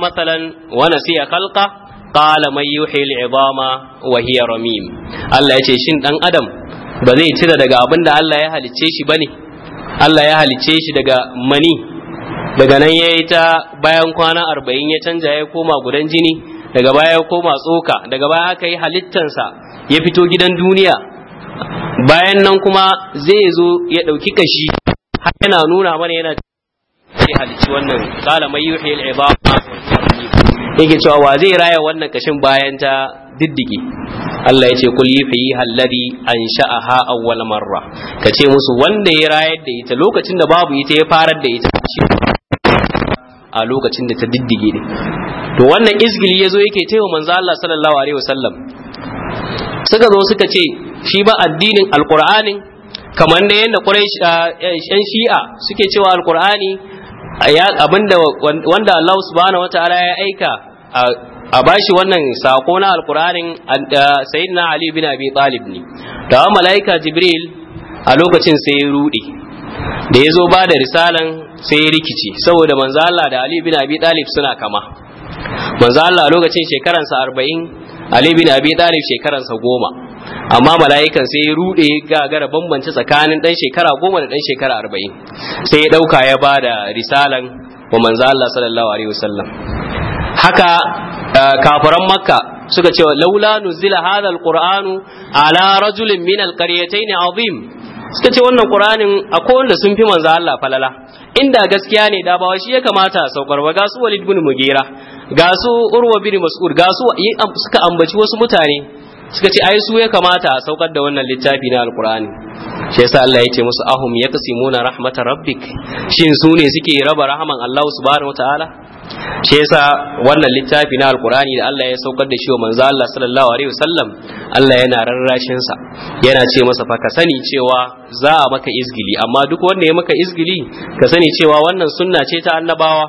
wa siya خلقه qala may yuhil idama wa hiya ramim Allah yace shin dan adam ba zai cire daga abinda Allah ya halicce shi bane Allah ya halicce shi daga mani daga nan yayi ta bayan kwana arba'in ya canja ya koma gudan jini daga baya ya koma tsoka daga baya aka yi halittansa ya fito gidan duniya bayan nan kuma zai zo ya ɗauki kashi har yana nuna mana yana halicci wannan qala may yake cewa wa zai raya wannan kashin bayan ta diddige Allah ya ce kul halladi an sha'aha awwal marra kace musu wanda ya rayar da ita lokacin da babu ita ya farar da ita a lokacin da ta diddige ne to wannan izgili yazo yake cewa manzo Allah sallallahu alaihi wasallam suka zo suka ce shi ba addinin alqur'anin kamar da yadda ƙurai ah, eh, shi'a suke cewa alqur'ani abinda wanda Allah subhanahu wataala ya aika a bashi wannan sako na alqur'anin sayyidina ali bin abi talib ne da malaika jibril a lokacin sai ya rudi da ya zo ba da risalan sai ya rikici saboda manzo Allah da ali bin abi talib suna kama manzo Allah lokacin shekaransa 40 ali bin abi talib shekaransa goma amma mala'ikan sai ya rude gagara bambance tsakanin dan shekara goma da dan shekara arba'in sai ya dauka ya ba da risalan wa manzo Allah sallallahu alaihi wasallam haka eh, kafiran makka suka ce laula nuzila hadha alquranu ala rajulin min alqaryatayn azim suka ce wannan qur'anin akwai wanda sun fi manzo Allah falala inda gaskiya ne da ba shi ya kamata saukar ba ga su Walid bin Mugira ga Urwa bin Mas'ud ga su suka ambaci wasu mutane suka ce ai su ya kamata a saukar da wannan littafi na alkur'ani shi yasa Allah ya ce musu ahum yaqsimuna rahmatar rabbik shin su ne suke raba rahman Allah subhanahu ta'ala shi yasa wannan littafi na alkur'ani da Allah ya saukar da shi wa manzo Allah sallallahu alaihi wasallam Allah yana rarrashin sa yana ce masa fa ka sani cewa za a maka izgili amma duk wanda ya maka izgili ka sani cewa wannan sunna ce ta annabawa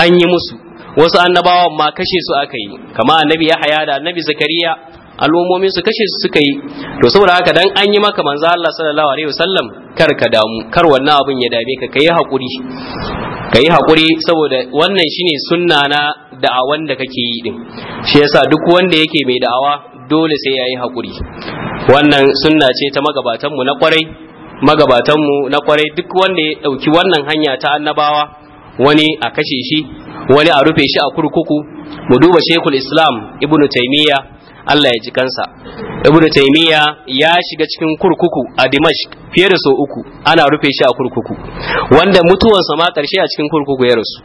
an yi musu wasu annabawan ma kashe su aka yi kama annabi Yahaya da annabi Zakariya al'ummomin su kashe su suka yi to saboda haka dan an yi maka manzo Allah sallallahu alaihi wasallam kar ka damu kar wannan abin ya dame ka kai hakuri kai hakuri saboda wannan shine sunna na da'awan da kake yi din shi yasa duk wanda yake mai da'awa dole sai yayi hakuri wannan sunna ce ta magabatan mu na kwarai magabatan mu na kwarai duk wanda ya dauki wannan hanya ta annabawa wani a kashe shi wani a rufe shi a kurkuku mu duba shekul islam ibnu taymiyyah Allah ya ji kansa ibn taymiya ya shiga cikin kurkuku a Dimash fiye da so uku ana rufe shi a kurkuku wanda mutuwansa ma karshe a cikin kurkuku ya rasu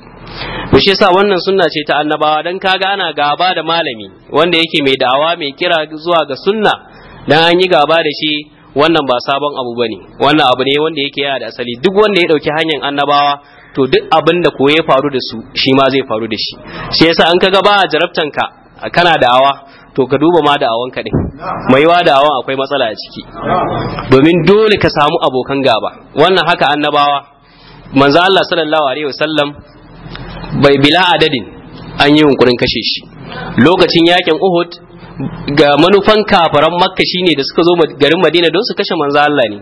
to shi wannan sunna ce ta annabawa dan kaga ana gaba da malami wanda yake mai da'awa mai kira zuwa ga sunna dan an yi gaba da shi wannan ba sabon abu bane wannan abu ne wanda yake yana da asali duk wanda ya dauki hanyar annabawa to duk abin da ko ya faru da su shi ma zai faru da shi shi yasa an kaga ba a jarabtanka kana da'awa to ka duba ma da'awan ka din mai wa da'awan akwai matsala a ciki domin dole ka samu abokan gaba wannan haka annabawa manzo Allah sallallahu alaihi wasallam bai bila adadin an yi yunkurin kashe shi lokacin yakin Uhud ga manufan kafaran makka shine da suka zo garin madina don su kashe manzo Allah ne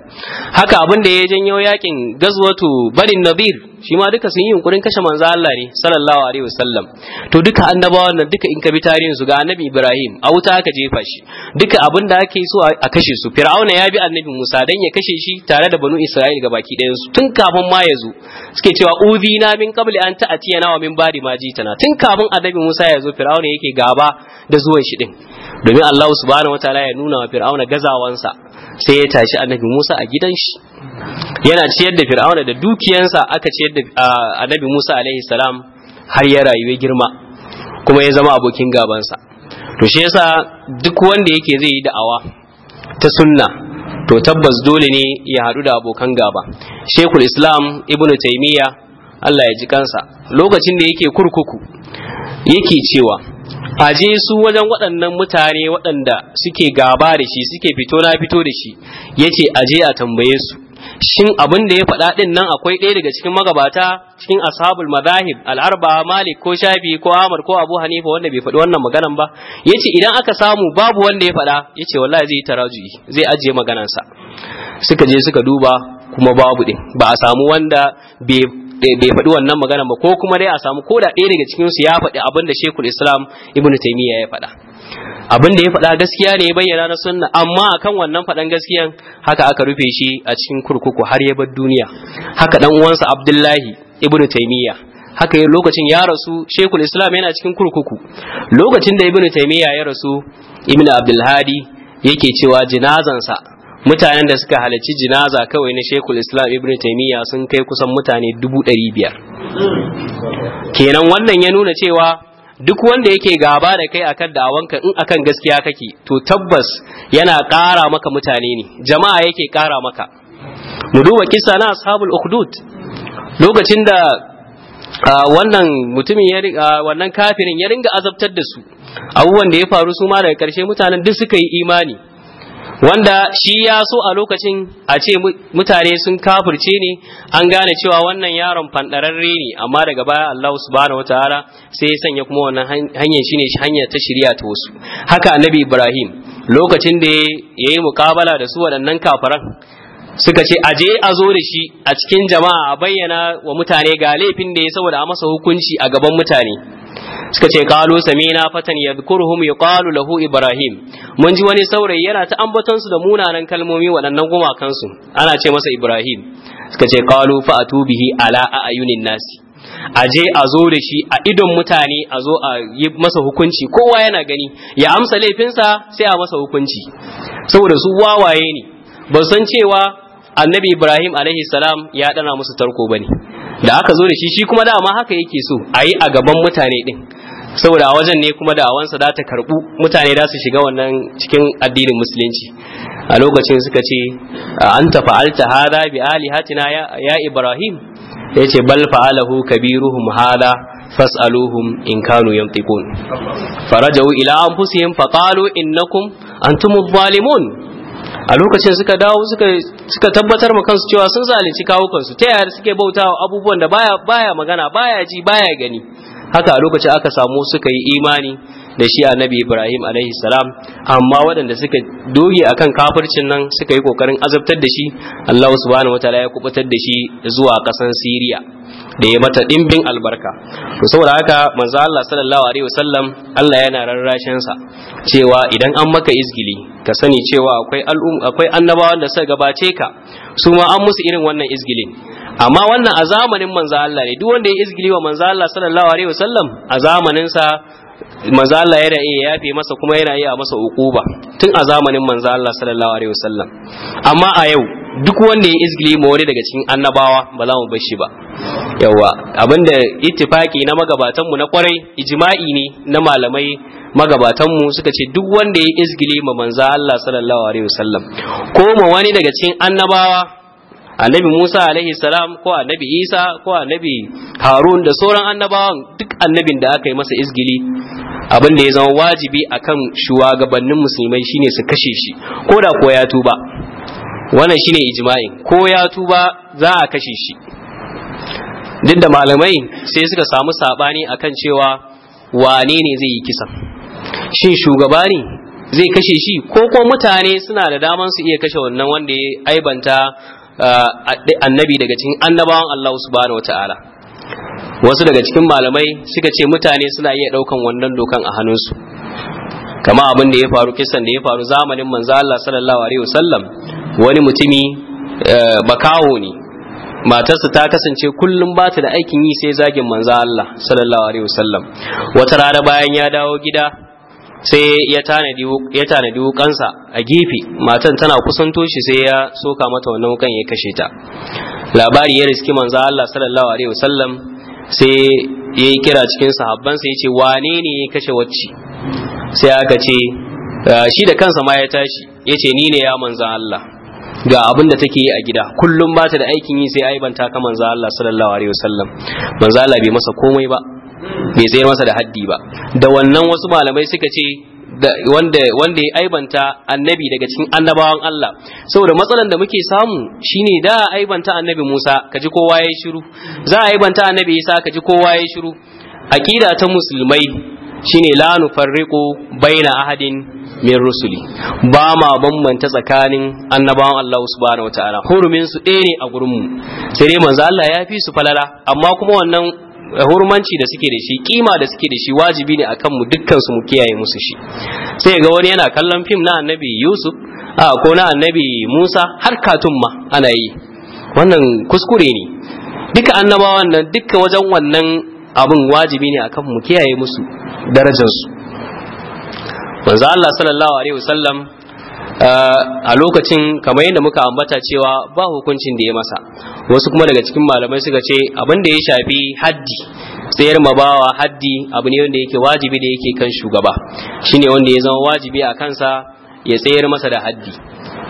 haka abin da ya janyo yakin gazwatu barin nabir shi ma duka sun yi yunkurin kashe manzo Allah ne sallallahu alaihi wasallam to duka annabawan nan duka in ka bi tarihin su ga annabi Ibrahim a wuta aka jefa shi duka abin da ake so a kashe su Fir'auna ya bi annabi Musa dan ya kashe shi tare da banu Isra'il ga baki ɗayan su tun kafin ma ya zo suke cewa na min qabli an na wa min ba'di ma tana. tun kafin annabi Musa ya zo Fir'auna yake gaba da zuwan shi din domin Allah subhanahu wataala ya nuna wa Fir'auna gazawansa sai ya tashi annabi Musa a gidan shi yana ciyar da fir'auna da dukiyansa aka ciyar da annabi Musa alaihi salam har ya rayu ya girma kuma ya zama abokin gabansa to shi yasa duk wanda yake zai yi da'awa ta sunna to tabbas dole ne ya haɗu da abokan gaba shekul islam ibnu taimiyya allah ya ji kansa lokacin da yake kurkuku yake cewa a je su wajen waɗannan mutane waɗanda suke gaba da shi suke fito na fito da shi ya ce a je a tambaye su shin abin da ya faɗa ɗin nan akwai ɗaya daga cikin magabata cikin ashabul mazahib al'arba malik ko shafi ko amar ko abu hanifa wanda bai faɗi wannan maganan ba ya ce idan aka samu babu wanda ya faɗa ya ce wallahi zai yi taraju'i zai ajiye maganansa suka je suka duba kuma babu ɗin ba a samu wanda bai bai faɗi wannan magana ba ko kuma dai a samu ko da ɗaya daga cikin su ya faɗi abin da Sheikhul Islam Ibn Taymiyyah ya faɗa abin da ya faɗa gaskiya ne ya bayyana na sunna amma akan wannan faɗan gaskiyan haka aka rufe shi a cikin kurkuku har ya bar duniya haka dan uwansa Abdullahi Ibn Taimiyya haka yi lokacin ya rasu shekul islam yana cikin kurkuku lokacin da ibn taimiyya ya rasu ibn abdulhadi yake cewa jinazansa mutanen da suka halarci jinaza kawai na shekul islam ibn taimiyya sun kai kusan mutane dubu ɗari biyar kenan wannan ya nuna cewa duk wanda yake gaba da kai akan da'awanka in akan gaskiya kake to tabbas yana ƙara maka mutane ne jama'a yake ƙara maka mu duba kisa na ashabul ukhdud lokacin da wannan mutumin ya wannan kafirin ya ringa azabtar da su abubuwan da ya faru su ma daga karshe mutanen duk suka yi imani wanda shi ya so a lokacin a ce mutane sun kafirce ne an gane cewa wannan yaron fandararre ne amma daga baya Allah subhanahu wataala sai ya sanya kuma wannan hanyar shine hanyar ta shirya ta wasu haka annabi Ibrahim lokacin da yayi mukabala da su waɗannan kafiran suka ce aje a zo da shi a cikin jama'a a bayyana wa mutane ga laifin da ya saboda a masa hukunci a gaban mutane suka ce kalu samina fatan yadhkuruhum yuqalu lahu ibrahim mun ji wani saurayi yana ta ambaton su da munanan kalmomi waɗannan gumakan su ana ce masa ibrahim suka ce kalu fa atubihi ala ayunin nasi aje a zo da shi a idon mutane a zo a yi masa hukunci kowa yana gani ya amsa laifinsa sai a masa hukunci saboda su wawaye ne ba san cewa annabi ibrahim alaihi salam ya dana musu tarko bane da aka zo da shi shi kuma dama haka yake so a yi a gaban mutane din saboda a wajen ne kuma da'awansa za ta karbu mutane za su shiga wannan cikin addinin musulunci a lokacin suka ce an tafa'alta hada bi Ali hatina ya ibrahim ya ce bal fa'alahu kabiruhum hada fas'aluhum in kanu yamtiqun farajau ila anfusihim faqalu innakum antumuz zalimun a lokacin suka dawo suka tabbatar ma kansu cewa sun zalunci kawukansu ta yaya suke bautawa abubuwan da baya baya magana baya ji baya gani haka a lokacin aka samu suka yi imani da shi annabi Ibrahim alaihi salam amma waɗanda suka doge akan kafircin nan suka yi kokarin azabtar da shi Allah subhanahu wataala ya kubutar da shi zuwa ƙasan Siriya da ya mata dimbin albarka to saboda haka manzo Allah sallallahu alaihi wasallam Allah yana rarrashin sa cewa idan an maka izgili ka sani cewa akwai al'um akwai annabawan da suka gabace ka su ma an musu irin wannan izgilin amma wannan a zamanin manzo Allah ne duk wanda ya izgili wa manzo Allah sallallahu alaihi wasallam a zamanin sa manzala Allah yana iya yafe masa kuma yana iya masa ukuba tun a zamanin manzala Allah sallallahu alaihi wasallam amma a yau duk wanda ya izgili ma wani daga cikin annabawa ba za mu bar shi ba yawa abinda ittifaki na magabatan mu na kwarai ijma'i ne na malamai magabatanmu suka ce duk wanda ya izgili ma manza Allah sallallahu alaihi wasallam ko ma wani daga cikin annabawa annabi Musa alaihi salam ko annabi Isa ko annabi Harun da sauran annabawan duk annabin da aka yi masa izgili abin da ya zama wajibi akan shugabannin musulmai shine su kashe shi ko da ko ya tuba wannan shine ijma'i ko ya tuba za a kashe shi duk da malamai sai suka samu sabani akan cewa wane ne zai yi kisa, shin shugaba ne zai kashe shi ko ko mutane suna da daman su iya kashe wannan wanda ya aibanta annabi daga cikin annabawan Allah subhanahu ta'ala wasu daga cikin malamai suka ce mutane suna iya daukan wannan dokan a hannunsu kama abin da ya faru kisan da ya faru zamanin manzo Allah sallallahu alaihi wasallam wani mutumi eh, bakawo ne matarsa ta kasance kullum ba ta da aikin yi sai zagin manzo Allah sallallahu alaihi wasallam wata rana bayan ya dawo gida sai ya tanadi wukansa a gefe matan tana kusanto shi sai ya soka mata wannan wukan ya kashe ta labari ya riski manzo Allah sallallahu alaihi wasallam sai ya yi kira cikin sahabban sai ya ce wane ne ya kashe wacce sai aka ce ah, shi da kansa ma ya tashi ya ce ni ne ya manzo Allah ga abin da take yi a gida kullum ba ta da aikin yi sai aibanta ka manzo Allah sallallahu alaihi wasallam manzo Allah bai masa komai ba bai sai masa da haddi ba da wannan wasu malamai suka ce wanda wanda ya aibanta annabi daga cikin annabawan Allah saboda matsalan da muke samu shine da aibanta annabi Musa kaji kowa yayi shiru za a aibanta annabi Isa kaji kowa yayi shiru aqida ta musulmai shine la nufarriqu baina ahadin min rusuli ba ma bambanta tsakanin annabawan Allah subhanahu wataala hurumin su ɗaya ne a gurin mu sai dai manzo Allah ya fi su falala amma kuma wannan hurmanci da suke da shi kima da suke da shi wajibi ne akan mu dukkan su mu kiyaye musu shi sai ga wani yana kallon fim na annabi Yusuf a ko na annabi Musa har katun ma ana yi wannan kuskure ne duka annabawan nan duka wajen wannan abin wajibi ne akan mu kiyaye musu darajarsu manzo Allah sallallahu alaihi wasallam Eh, a lokacin kamar yadda muka ambata cewa ba hukuncin da ya masa wasu kuma daga cikin malamai suka ce abin da ya shafi haddi tsayar mabawa haddi abu ne wanda yake wajibi da yake kan shugaba shine wanda ya zama wajibi a kansa ya tsayar masa da haddi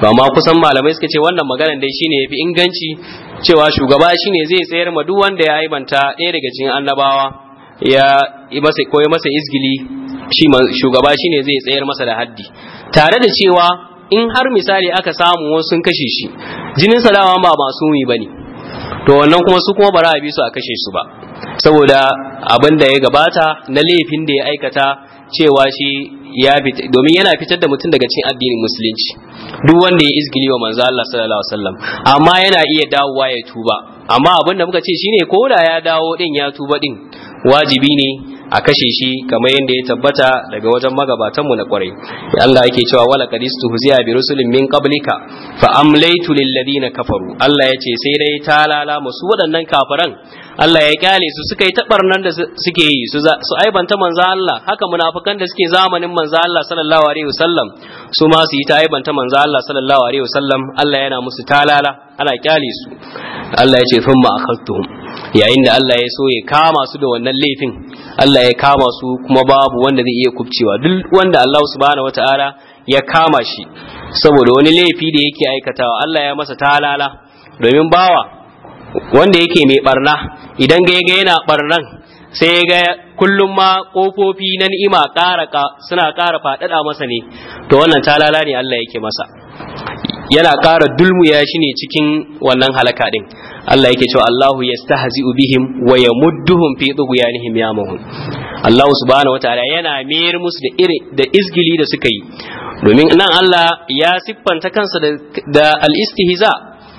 ba ma kusan malamai suka ce wannan maganar dai ya fi inganci cewa shugaba shine zai tsayar ma duk wanda ya aibanta ɗaya daga cikin annabawa ya yi masa ko ya masa izgili shi shugaba shine zai tsayar masa da haddi tare da cewa in har misali aka samu wasu sun kashe shi jinin sadawa ba masumi bane to wannan kuma su kuma ba a bi su a kashe su ba saboda abin da ya gabata na laifin da ya aikata cewa shi ya domin yana fitar da mutum daga cikin addinin musulunci duk wanda ya izgili wa manzo Allah sallallahu alaihi wasallam amma yana iya dawowa ya tuba amma abin da muka ce shine ko da ya dawo din ya tuba din wajibi ne a kashe shi kamar yadda ya tabbata daga wajen magabatanmu na kwarai Allah yake cewa wala qadistu huziya bi rusulin min qablika fa amlaytu lil ladina kafaru Allah ya ce sai dai ta lala musu waɗannan kafiran Allah ya kyale su suka yi nan da suke yi su aibanta manzo Allah haka munafikan da suke zamanin manzo Allah sallallahu alaihi wasallam su ma su yi ta aibanta manzo Allah sallallahu alaihi wasallam Allah yana musu talala ana kyale su Allah ya ce thumma akhadtuhum yayin da Allah ya so ya kama su da wannan laifin Allah ya kama su kuma babu wanda zai iya kubcewa duk wanda Allah subhanahu wataala ya kama shi saboda wani laifi da yake aikatawa Allah ya masa talala domin bawa wanda yake mai barna idan ga ga yana barnan sai ga kullum ma kofofi na ni'ima ƙara suna ƙara faɗaɗa masa ne to wannan talala ne Allah yake masa yana ƙara dulmuya shi ne cikin wannan halaka ɗin Allah yake cewa Allahu yastahzi'u bihim wa yamudduhum fi tughyanihim yamahun Allah subhanahu wataala yana mayar musu da iri da izgili da suka yi domin nan Allah ya siffanta kansa da, da al-istihza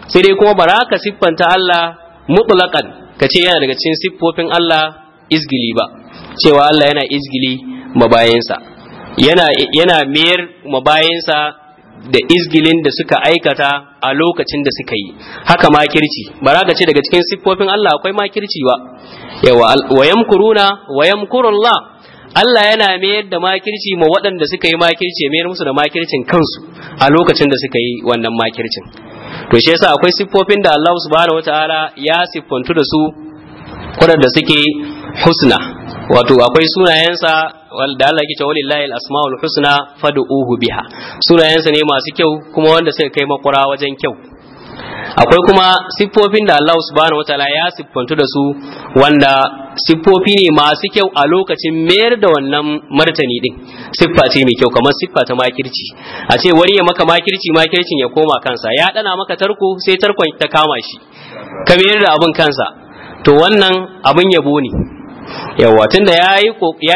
sai dai kuma baraka siffanta Allah mutlaqan kace yana daga cikin siffofin Allah izgili ba cewa Allah yana izgili mabayansa yana yana mayar mabayansa da izgilin da suka aikata a lokacin da suka yi haka makirci bara ka ce daga cikin siffofin Allah akwai makirci ba yawa wa yamkuruna Allah yana mayar da makirci ma waɗanda suka yi makirci mayar musu da makircin kansu a lokacin da suka yi wannan makircin to shi yasa akwai siffofin da Allah subhanahu wataala ya siffantu da su waɗanda suke husna wato akwai sunayensa da Allah yake cewa lillahi al-asmaul husna fad'uhu biha sunayensa ne masu kyau kuma wanda suka kai makwara wajen kyau akwai kuma siffofin da Allah subhanahu wataala ya siffantu da su wanda siffofi ne masu kyau a lokacin mayar da wannan martani din siffa ce mai kyau kamar siffa ta makirci a ce wani ya maka makirci makircin ya koma kansa ya dana maka tarko sai tarkon ta kama shi ka mayar da abin kansa to wannan abin yabo ne yawa da ya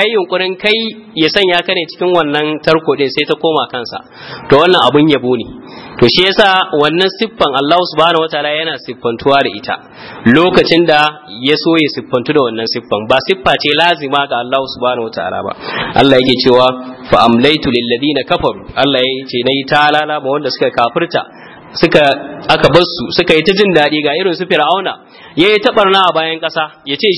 yi yunkurin kai ya sanya ka ne cikin wannan tarko ɗin sai ta koma kansa to wannan abun yabo ne to shi yasa wannan siffan Allah subhanahu wataala yana siffantuwa da ita lokacin da ya so ya siffantu da wannan siffan ba siffa ce lazima ga Allah subhanahu wataala ba Allah yake cewa fa amlaitu lil ladina kafaru Allah yake ce nayi talala ba wanda suka kafirta suka aka bar su suka yi ta jin daɗi ga irin su fir'auna ya yi taɓarna a bayan ƙasa ya ce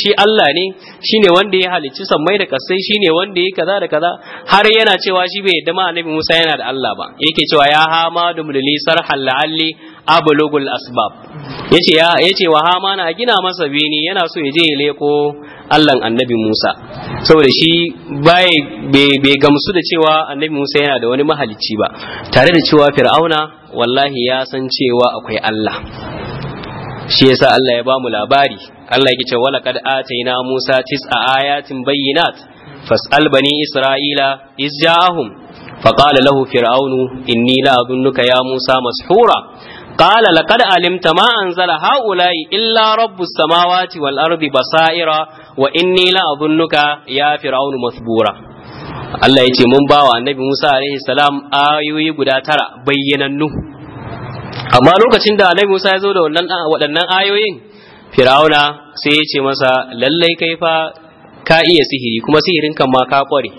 shi Allah ne shi ne wanda ya halicci sammai da kasai shi ne wanda ya kaza da kaza har yana cewa shi bai yadda ma annabi Musa yana da Allah ba yake cewa ya hama dumlili sarhal la'alli ablugul asbab yace ya yace wa hama na gina masa bini yana so ya je ya leko Allahn annabi Musa saboda shi bai gamsu da cewa annabi Musa yana da wani mahalicci ba tare da cewa fir'auna wallahi ya san cewa akwai Allah shi yasa Allah ya bamu labari Allah ya yake kada laqad ataina Musa a ayatin bayyinat fas'al bani isra'ila iz ja'ahum lahu fir'aunu inni إني لا ya Musa موسى qala laqad alimta ma anzala haula'i illa rabbus samawati wal ardi basaira wa inni la adhunnuka ya fir'aunu masbura Allah ya ce mun ba annabi Musa alaihi salam ayoyi guda tara bayyanannu amma lokacin da annabi Musa ya zo da waɗannan ayoyin Firauna sai ya ce masa lallai kai fa ka iya sihiri kuma sihirin kan ma ka kware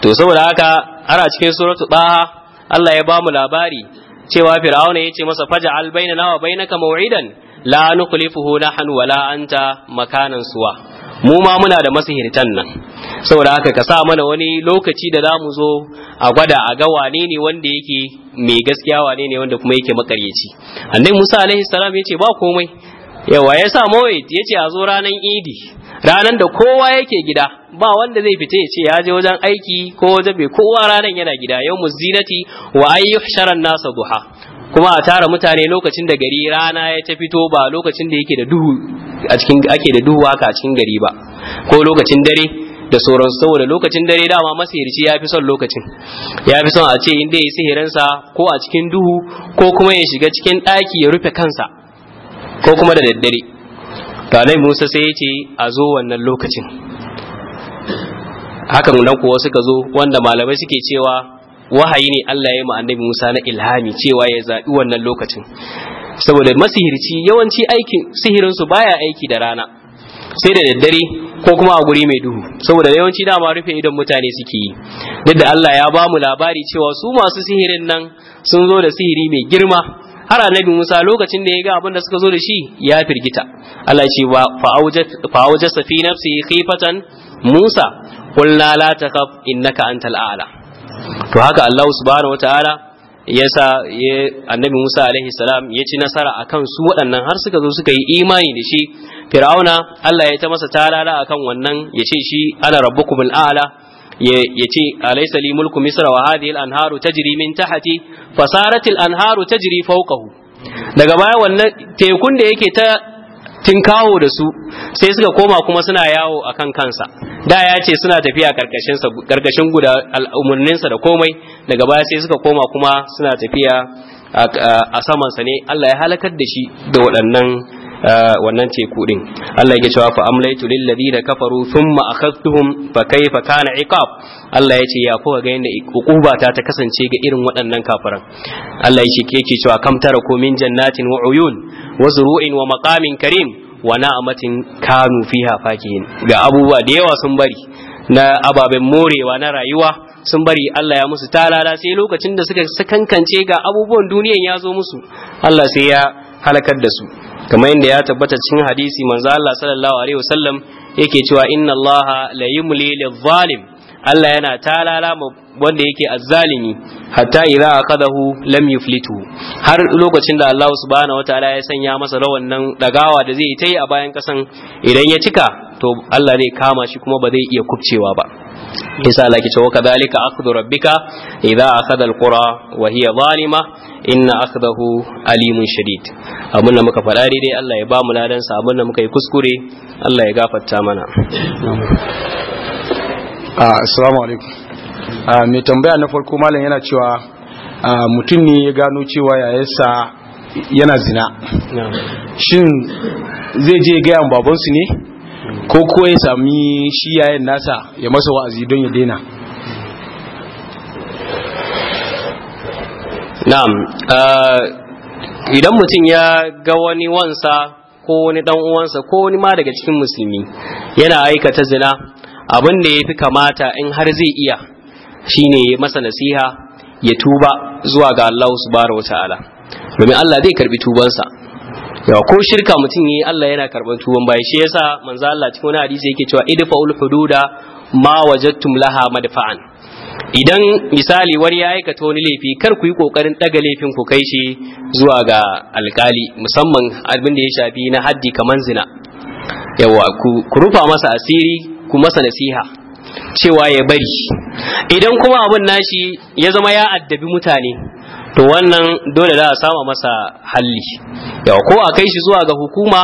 to saboda haka ana cikin suratu baha Allah ya ba mu labari cewa fir'auna ce masa faj'al na wa bainaka mau'idan la nukhlifuhu nahnu wala anta makanan suwa mu ma muna da masihirtan nan saboda haka ka sa mana wani lokaci da za mu zo a gwada a ga wane ne wanda yake mai gaskiya wane ne wanda kuma yake makaryaci annabi Musa alaihi salam ce ba komai yawa ya sa mawait ya ce a zo ranar idi ranar da kowa yake gida ba wanda zai fita ya ce ya je wajen aiki ko wajen bai kowa ranar yana gida yau muzinati wa sharan nasa duha kuma a tara mutane lokacin da gari rana ya ta fito ba lokacin da yake da duhu a cikin ake da duhu haka a cikin gari ba ko lokacin dare da sauran saboda lokacin dare dama masihirci ya fi son lokacin ya fi son a ce inda ya yi sihirinsa ko a cikin duhu ko kuma ya shiga cikin ɗaki ya rufe kansa ko kuma da daddare to musa sai ya ce a zo wannan lokacin hakan nan kuwa suka zo wanda malamai suke cewa wahayi ne Allah ya yi annabi Musa na ilhami cewa ya zaɓi wannan lokacin saboda masihirci yawanci aikin sihirinsu baya aiki da rana sai da daddare ko kuma a guri mai duhu saboda yawanci dama rufe idon mutane suke yi duk da Allah ya ba mu labari cewa su masu sihirin nan sun zo da sihiri mai girma har annabi Musa lokacin da ya ga abin da suka zo da shi ya firgita Allah ya ce fa awjasa fi nafsi khifatan Musa qulna la takhaf innaka antal a'la to haka Allah subhanahu wataala yasa annabi Musa alaihi salam ya ci nasara akan su waɗannan har suka zo suka yi imani da shi Fir'auna Allah ya ta masa talala akan wannan ya ce shi ana rabbukumul a'la ya ce alaysa li mulku misra wa hadhihi al-anharu tajri min tahti sarat al-anharu tajri fawqahu daga baya wannan tekun da yake ta tinkawo da su sai suka koma kuma suna yawo akan kansa da ya ce suna tafiya karkashin guda al'umurninsa da komai daga baya sai suka koma kuma suna tafiya a samansa ne Allah ya halakar da shi da waɗannan wannan teku din Allah yake cewa fa amlaytu lil ladina kafaru thumma akhadhtuhum fa kayfa kana iqab Allah ya ya kuka ga yanda ukuba ta ta kasance ga irin waɗannan kafaran. Allah ya ce ke yake cewa kam tara ko min jannatin wa uyun wa zuru'in wa maqamin karim wa na'amatin kanu fiha fakihin ga abubuwa da yawa sun bari na ababen morewa na rayuwa sun bari Allah ya musu talala sai lokacin da suka kankance ga abubuwan duniyan ya zo musu Allah sai ya halakar da su kamar inda ya tabbata cikin hadisi manzo Allah sallallahu alaihi wasallam yake cewa inna Allah la yumli lidh Allah yana talala wanda yake azzalimi hatta idza akadahu lam yuflitu har lokacin da Allah subhanahu wataala ya sanya masa rawan nan dagawa da zai yi ta yi a bayan kasan idan ya cika to Allah zai kama shi kuma ba zai iya kubcewa ba yasa Allah ke cewa kadhalika akhdhu rabbika idza akhadha alqura wa hiya zalima inna akhdahu alimun shadid abun da muka faɗa dai Allah ya ba mu ladan sa abun da muka yi kuskure Allah ya gafarta mana ah, assalamu alaikum ah, mai tambaya na farko malam yana cewa ah, mutum ne ya gano cewa yayarsa yana zina shin zai je ga babansu ne ko ko ya sami shi yayin nasa ya masa wa'azi don ya daina na'am ah, idan mutum ya ga wani wansa ko wani dan uwansa ko wani ma daga cikin musulmi yana aikata zina abin da ya fi kamata in har zai iya shine ya masa nasiha ya tuba zuwa ga Allah subhanahu wataala domin Allah zai karbi tubansa yawa ko shirka mutum yi Allah yana karɓar tuban bayan shi yasa manzo Allah cikin wani hadisi yake cewa idfaul hududa ma wajadtum laha madafa'an. idan misali wani ya aikata wani laifi kar ku yi kokarin ɗaga laifin ku kai shi zuwa ga alkali musamman abin da ya shafi na haddi kamar zina yawa ku rufa masa asiri ku masa nasiha cewa ya bari idan kuma abin nashi ya zama ya addabi mutane to wannan dole za a sama masa halli yawa ko a kai shi zuwa ga hukuma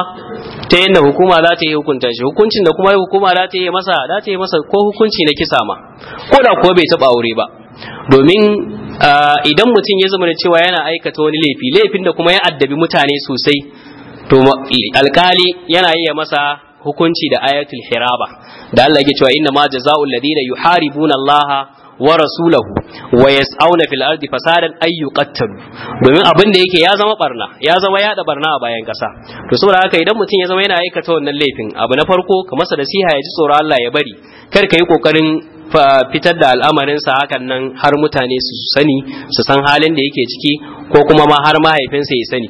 ta yadda hukuma za ta yi hukunta shi hukuncin da kuma hukuma za ta yi masa za ta yi masa ko hukunci na kisa ma ko da kuwa bai taba aure ba domin idan mutum ya zama da cewa yana aikata wani laifi laifin da kuma ya addabi mutane sosai to alkali yana iya masa hukunci da ayatul hiraba da Allah yake cewa inna ma jazaa'ul ladina yuharibuna Allah wa rasulahu wa yas'auna fil ardi fasadan ay yuqattalu domin abin da yake ya zama barna ya zama yada barna a bayan kasa to saboda haka idan mutum ya zama yana aikata wannan laifin abu na farko ka masa nasiha ya ji tsoro Allah ya bari kar ka yi kokarin fitar da al'amarinsa hakan nan har mutane su sani su san halin da yake ciki ko kuma ma har mahaifinsa ya sani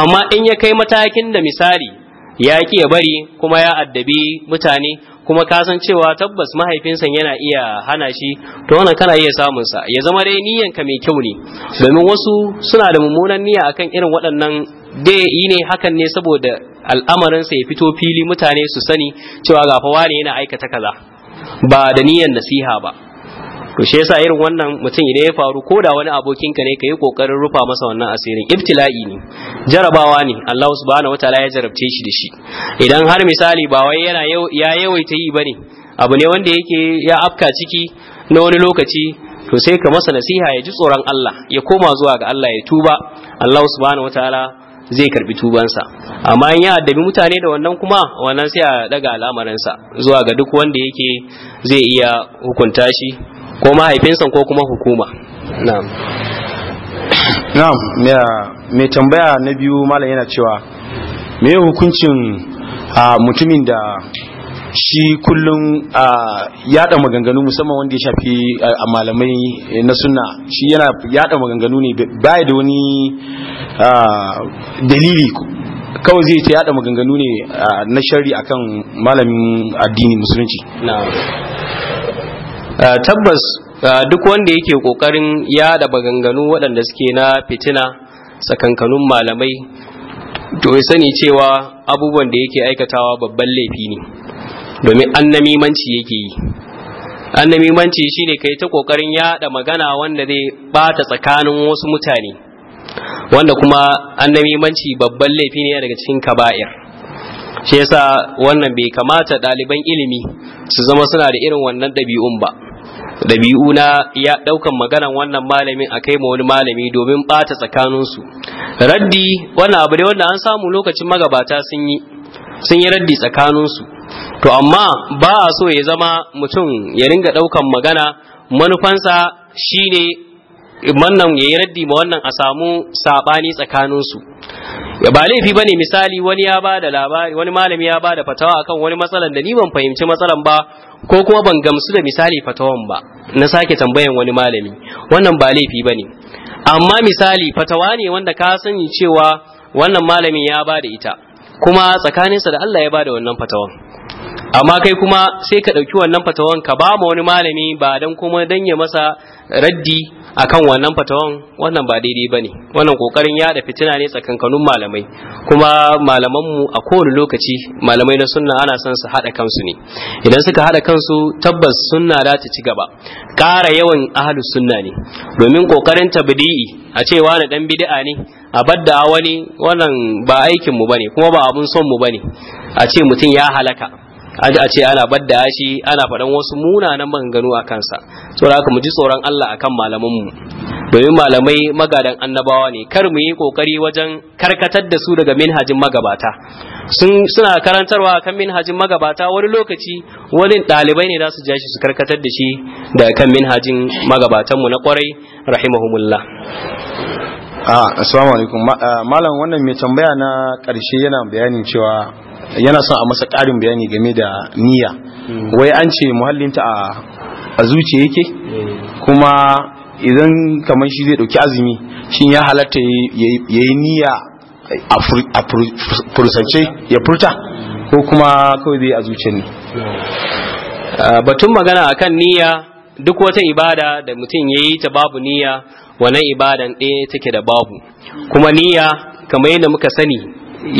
amma in ya kai matakin da misali ya ki ya bari kuma ya addabi mutane kuma ka san cewa tabbas mahaifinsa yana iya hana shi to wannan kana iya samun sa ya zama dai niyyanka mai kyau ne domin wasu suna da mummunan niyya akan irin waɗannan dai yi ne hakan ne saboda al'amarin sa ya fito fili mutane su sani cewa ga fa wani yana aikata kaza ba da niyyan nasiha ba to shi yasa irin wannan mutum idan ya faru ko da wani abokinka ne ka yi kokarin rufa masa wannan asirin ibtila'i ne jarabawa ne Allah subhanahu wataala ya jarabce shi da shi idan har misali ba wai yana ya yawaita yi bane abu ne wanda yake ya afka ciki na wani lokaci to sai ka masa nasiha ya ji tsoron Allah ya koma zuwa ga Allah ya tuba Allah subhanahu wataala zai karbi tubansa amma in ya addabi mutane da wannan kuma wannan sai a daga al'amarinsa zuwa ga duk wanda yake zai iya hukunta shi ko mahaifinsa ko kuma hukuma na'am mai tambaya na biyu malam yana cewa me hukuncin mutumin da shi kullum yada maganganu musamman wanda ya shafi a malamai na suna shi yana yada maganganu ne baya da wani dalili kawai zai ta yada maganganu ne na shari'a kan malamin addini musulunci Eh, tabbas eh, duk wanda yake kokarin yaɗa baganganu waɗanda suke na fitina sakankanun malamai to ya sani cewa abubuwan da yake aikatawa babban laifi ne domin annamimanci yake yi annamimanci ne kai ta kokarin yaɗa magana wanda zai bata tsakanin wasu mutane wanda kuma annamimanci babban laifi ne daga cikin kaba'ir shi yasa wannan bai kamata ɗaliban ilimi su zama suna da irin wannan ɗabi'un ba ɗabi'u na ya ɗaukan maganan wannan malamin a kai ma wani malami domin ɓata tsakaninsu raddi wannan abu ne wanda an samu lokacin magabata sun yi sun yi raddi tsakaninsu to amma ba a so ya zama mutum ya ringa ɗaukan magana manufansa shine wannan ya yi raddi ma wannan a samu saɓani tsakaninsu ya ba laifi ba ne misali wani ya bada labari wani malami ya bada fatawa akan wani matsalan da ni ban fahimci matsalan ba ko kuma ban gamsu da misali fatawan ba na sake tambayan wani malami wannan ba laifi ba ne. amma misali fatawa ne wanda ka sani cewa wannan malamin ya bada ita kuma tsakaninsa da Allah ya bada wannan fatawan amma kai kuma sai ka ɗauki wannan fatawan ka ba ma wani malami ba dan kuma dan ya masa raddi akan wannan fatawan wannan ba daidai bane wannan kokarin yada fitina ne tsakankanin malamai kuma malaman mu a kowane lokaci malamai na sunna ana son su hada kansu ne idan suka hada kansu tabbas sunna za ta ci gaba ƙara yawan ahlus sunna ne domin kokarin tabdi'i a ce na dan bid'a ne a badda wani wannan ba aikin mu bane kuma ba abun son mu bane a ce mutum ya halaka aji a ce ana badda shi ana faɗan wasu munanan maganganu a kansa da haka mu ji tsoron Allah akan malaman mu domin malamai magadan annabawa ne kar mu yi kokari wajen karkatar da su daga minhajin magabata sun suna karantarwa kan minhajin magabata wani lokaci wani ɗalibai ne za su ja shi su karkatar da shi daga kan minhajin magabatanmu na kwarai rahimahumullah Ah, assalamu alaikum ah, malam wannan mai tambaya na karshe yana bayanin cewa yana son a masa karin bayani game da niyya hmm. wai an ce muhallinta a zuciya yake hmm. kuma idan kamar shi zai ɗauki azumi shin ya halatta ya yi niyya a fursance ya furta hmm. ko kuma kawai zai a zuciya ne ah, batun magana akan niyya duk wata ibada da mutum ya yi ta babu niyya wannan ibadan ɗaya take da babu kuma niyya kamar yadda muka sani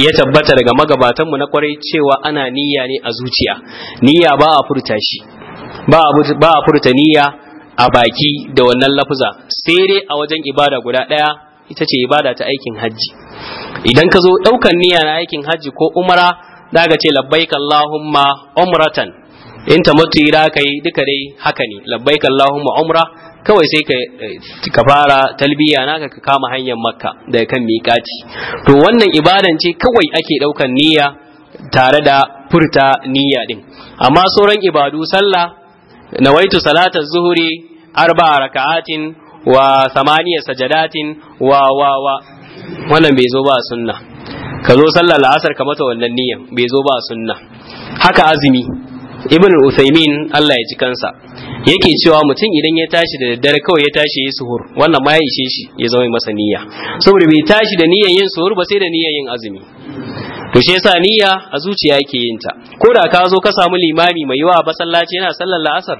ya tabbata daga magabatanmu na kwarai cewa ana niyya ne a zuciya niyya ba a furta shi ba a furta niyya a baki da wannan lafuza sai dai a wajen ibada guda ɗaya ita ce ibada ta aikin hajji idan ka zo ɗaukan niyya na aikin hajji ko umara daga ce labbaik Allahumma umratan in tamattu ila yi duka dai haka ne labbai allahumma umra kawai sai eh, ka fara talbiya naka ka kama hanyar makka da kan miƙaci to wannan ibadan ce kawai ake ɗaukan niyya tare da furta niyya ɗin, amma sauran ibadu sallah nawaitu salatar zuhuri arba raka'atin wa samaniya sajadatin wa wa wa wannan bai zo ba sunna ka zo sallar la'asar ka mata wannan niyyan bai zo ba sunna haka azumi ibn al Allah ya ji kansa yake cewa mutum idan ya tashi da daddare kawai ya tashi yi suhur wannan ma ya shi ya zama masa niyya saboda bai tashi da niyyar yin suhur ba sai da niyyar yin azumi to shi yasa niyya a zuciya yake yin ta ko da ka zo ka samu limami mai yawa sallaci yana sallar la'asar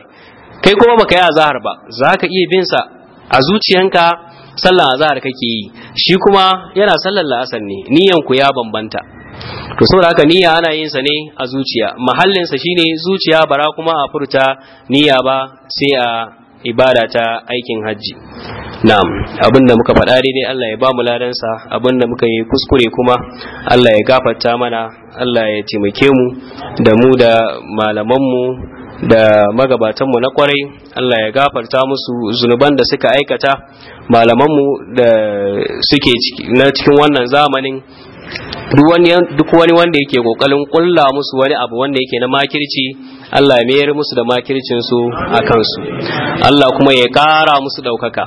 kai kuma baka yi azahar ba za ka iya bin sa a zuciyanka sallar azahar kake yi shi kuma yana sallar la'asar ne niyyan ku ya bambanta to saboda haka niyya ana yin sa ne a zuciya mahallin sa shine zuciya bara kuma a furta niyya ba sai a ibada ta aikin hajji na'am abinda muka faɗa daidai Allah ya bamu mu ladan sa abinda muka yi kuskure kuma Allah ya gafarta mana Allah ya taimake mu da mu da malaman mu da magabatan mu na kwarai Allah ya gafarta musu zunuban da suka aikata malaman mu da suke na cikin wannan zamanin duk wani wanda yake kokarin kulla musu wani abu wanda yake na makirci Allah ya mayar musu da makircin su a kansu Allah kuma ya kara musu daukaka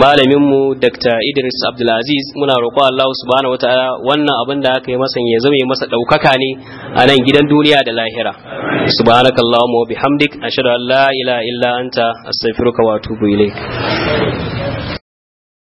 malamin mu Dr. Idris Abdulaziz muna roƙo Allah subhanahu wataala wannan abin da aka yi masa ya zama masa daukaka ne a nan gidan duniya da lahira subhanakallahumma wa bihamdik ashhadu an la ilaha illa anta astaghfiruka wa atubu ilaik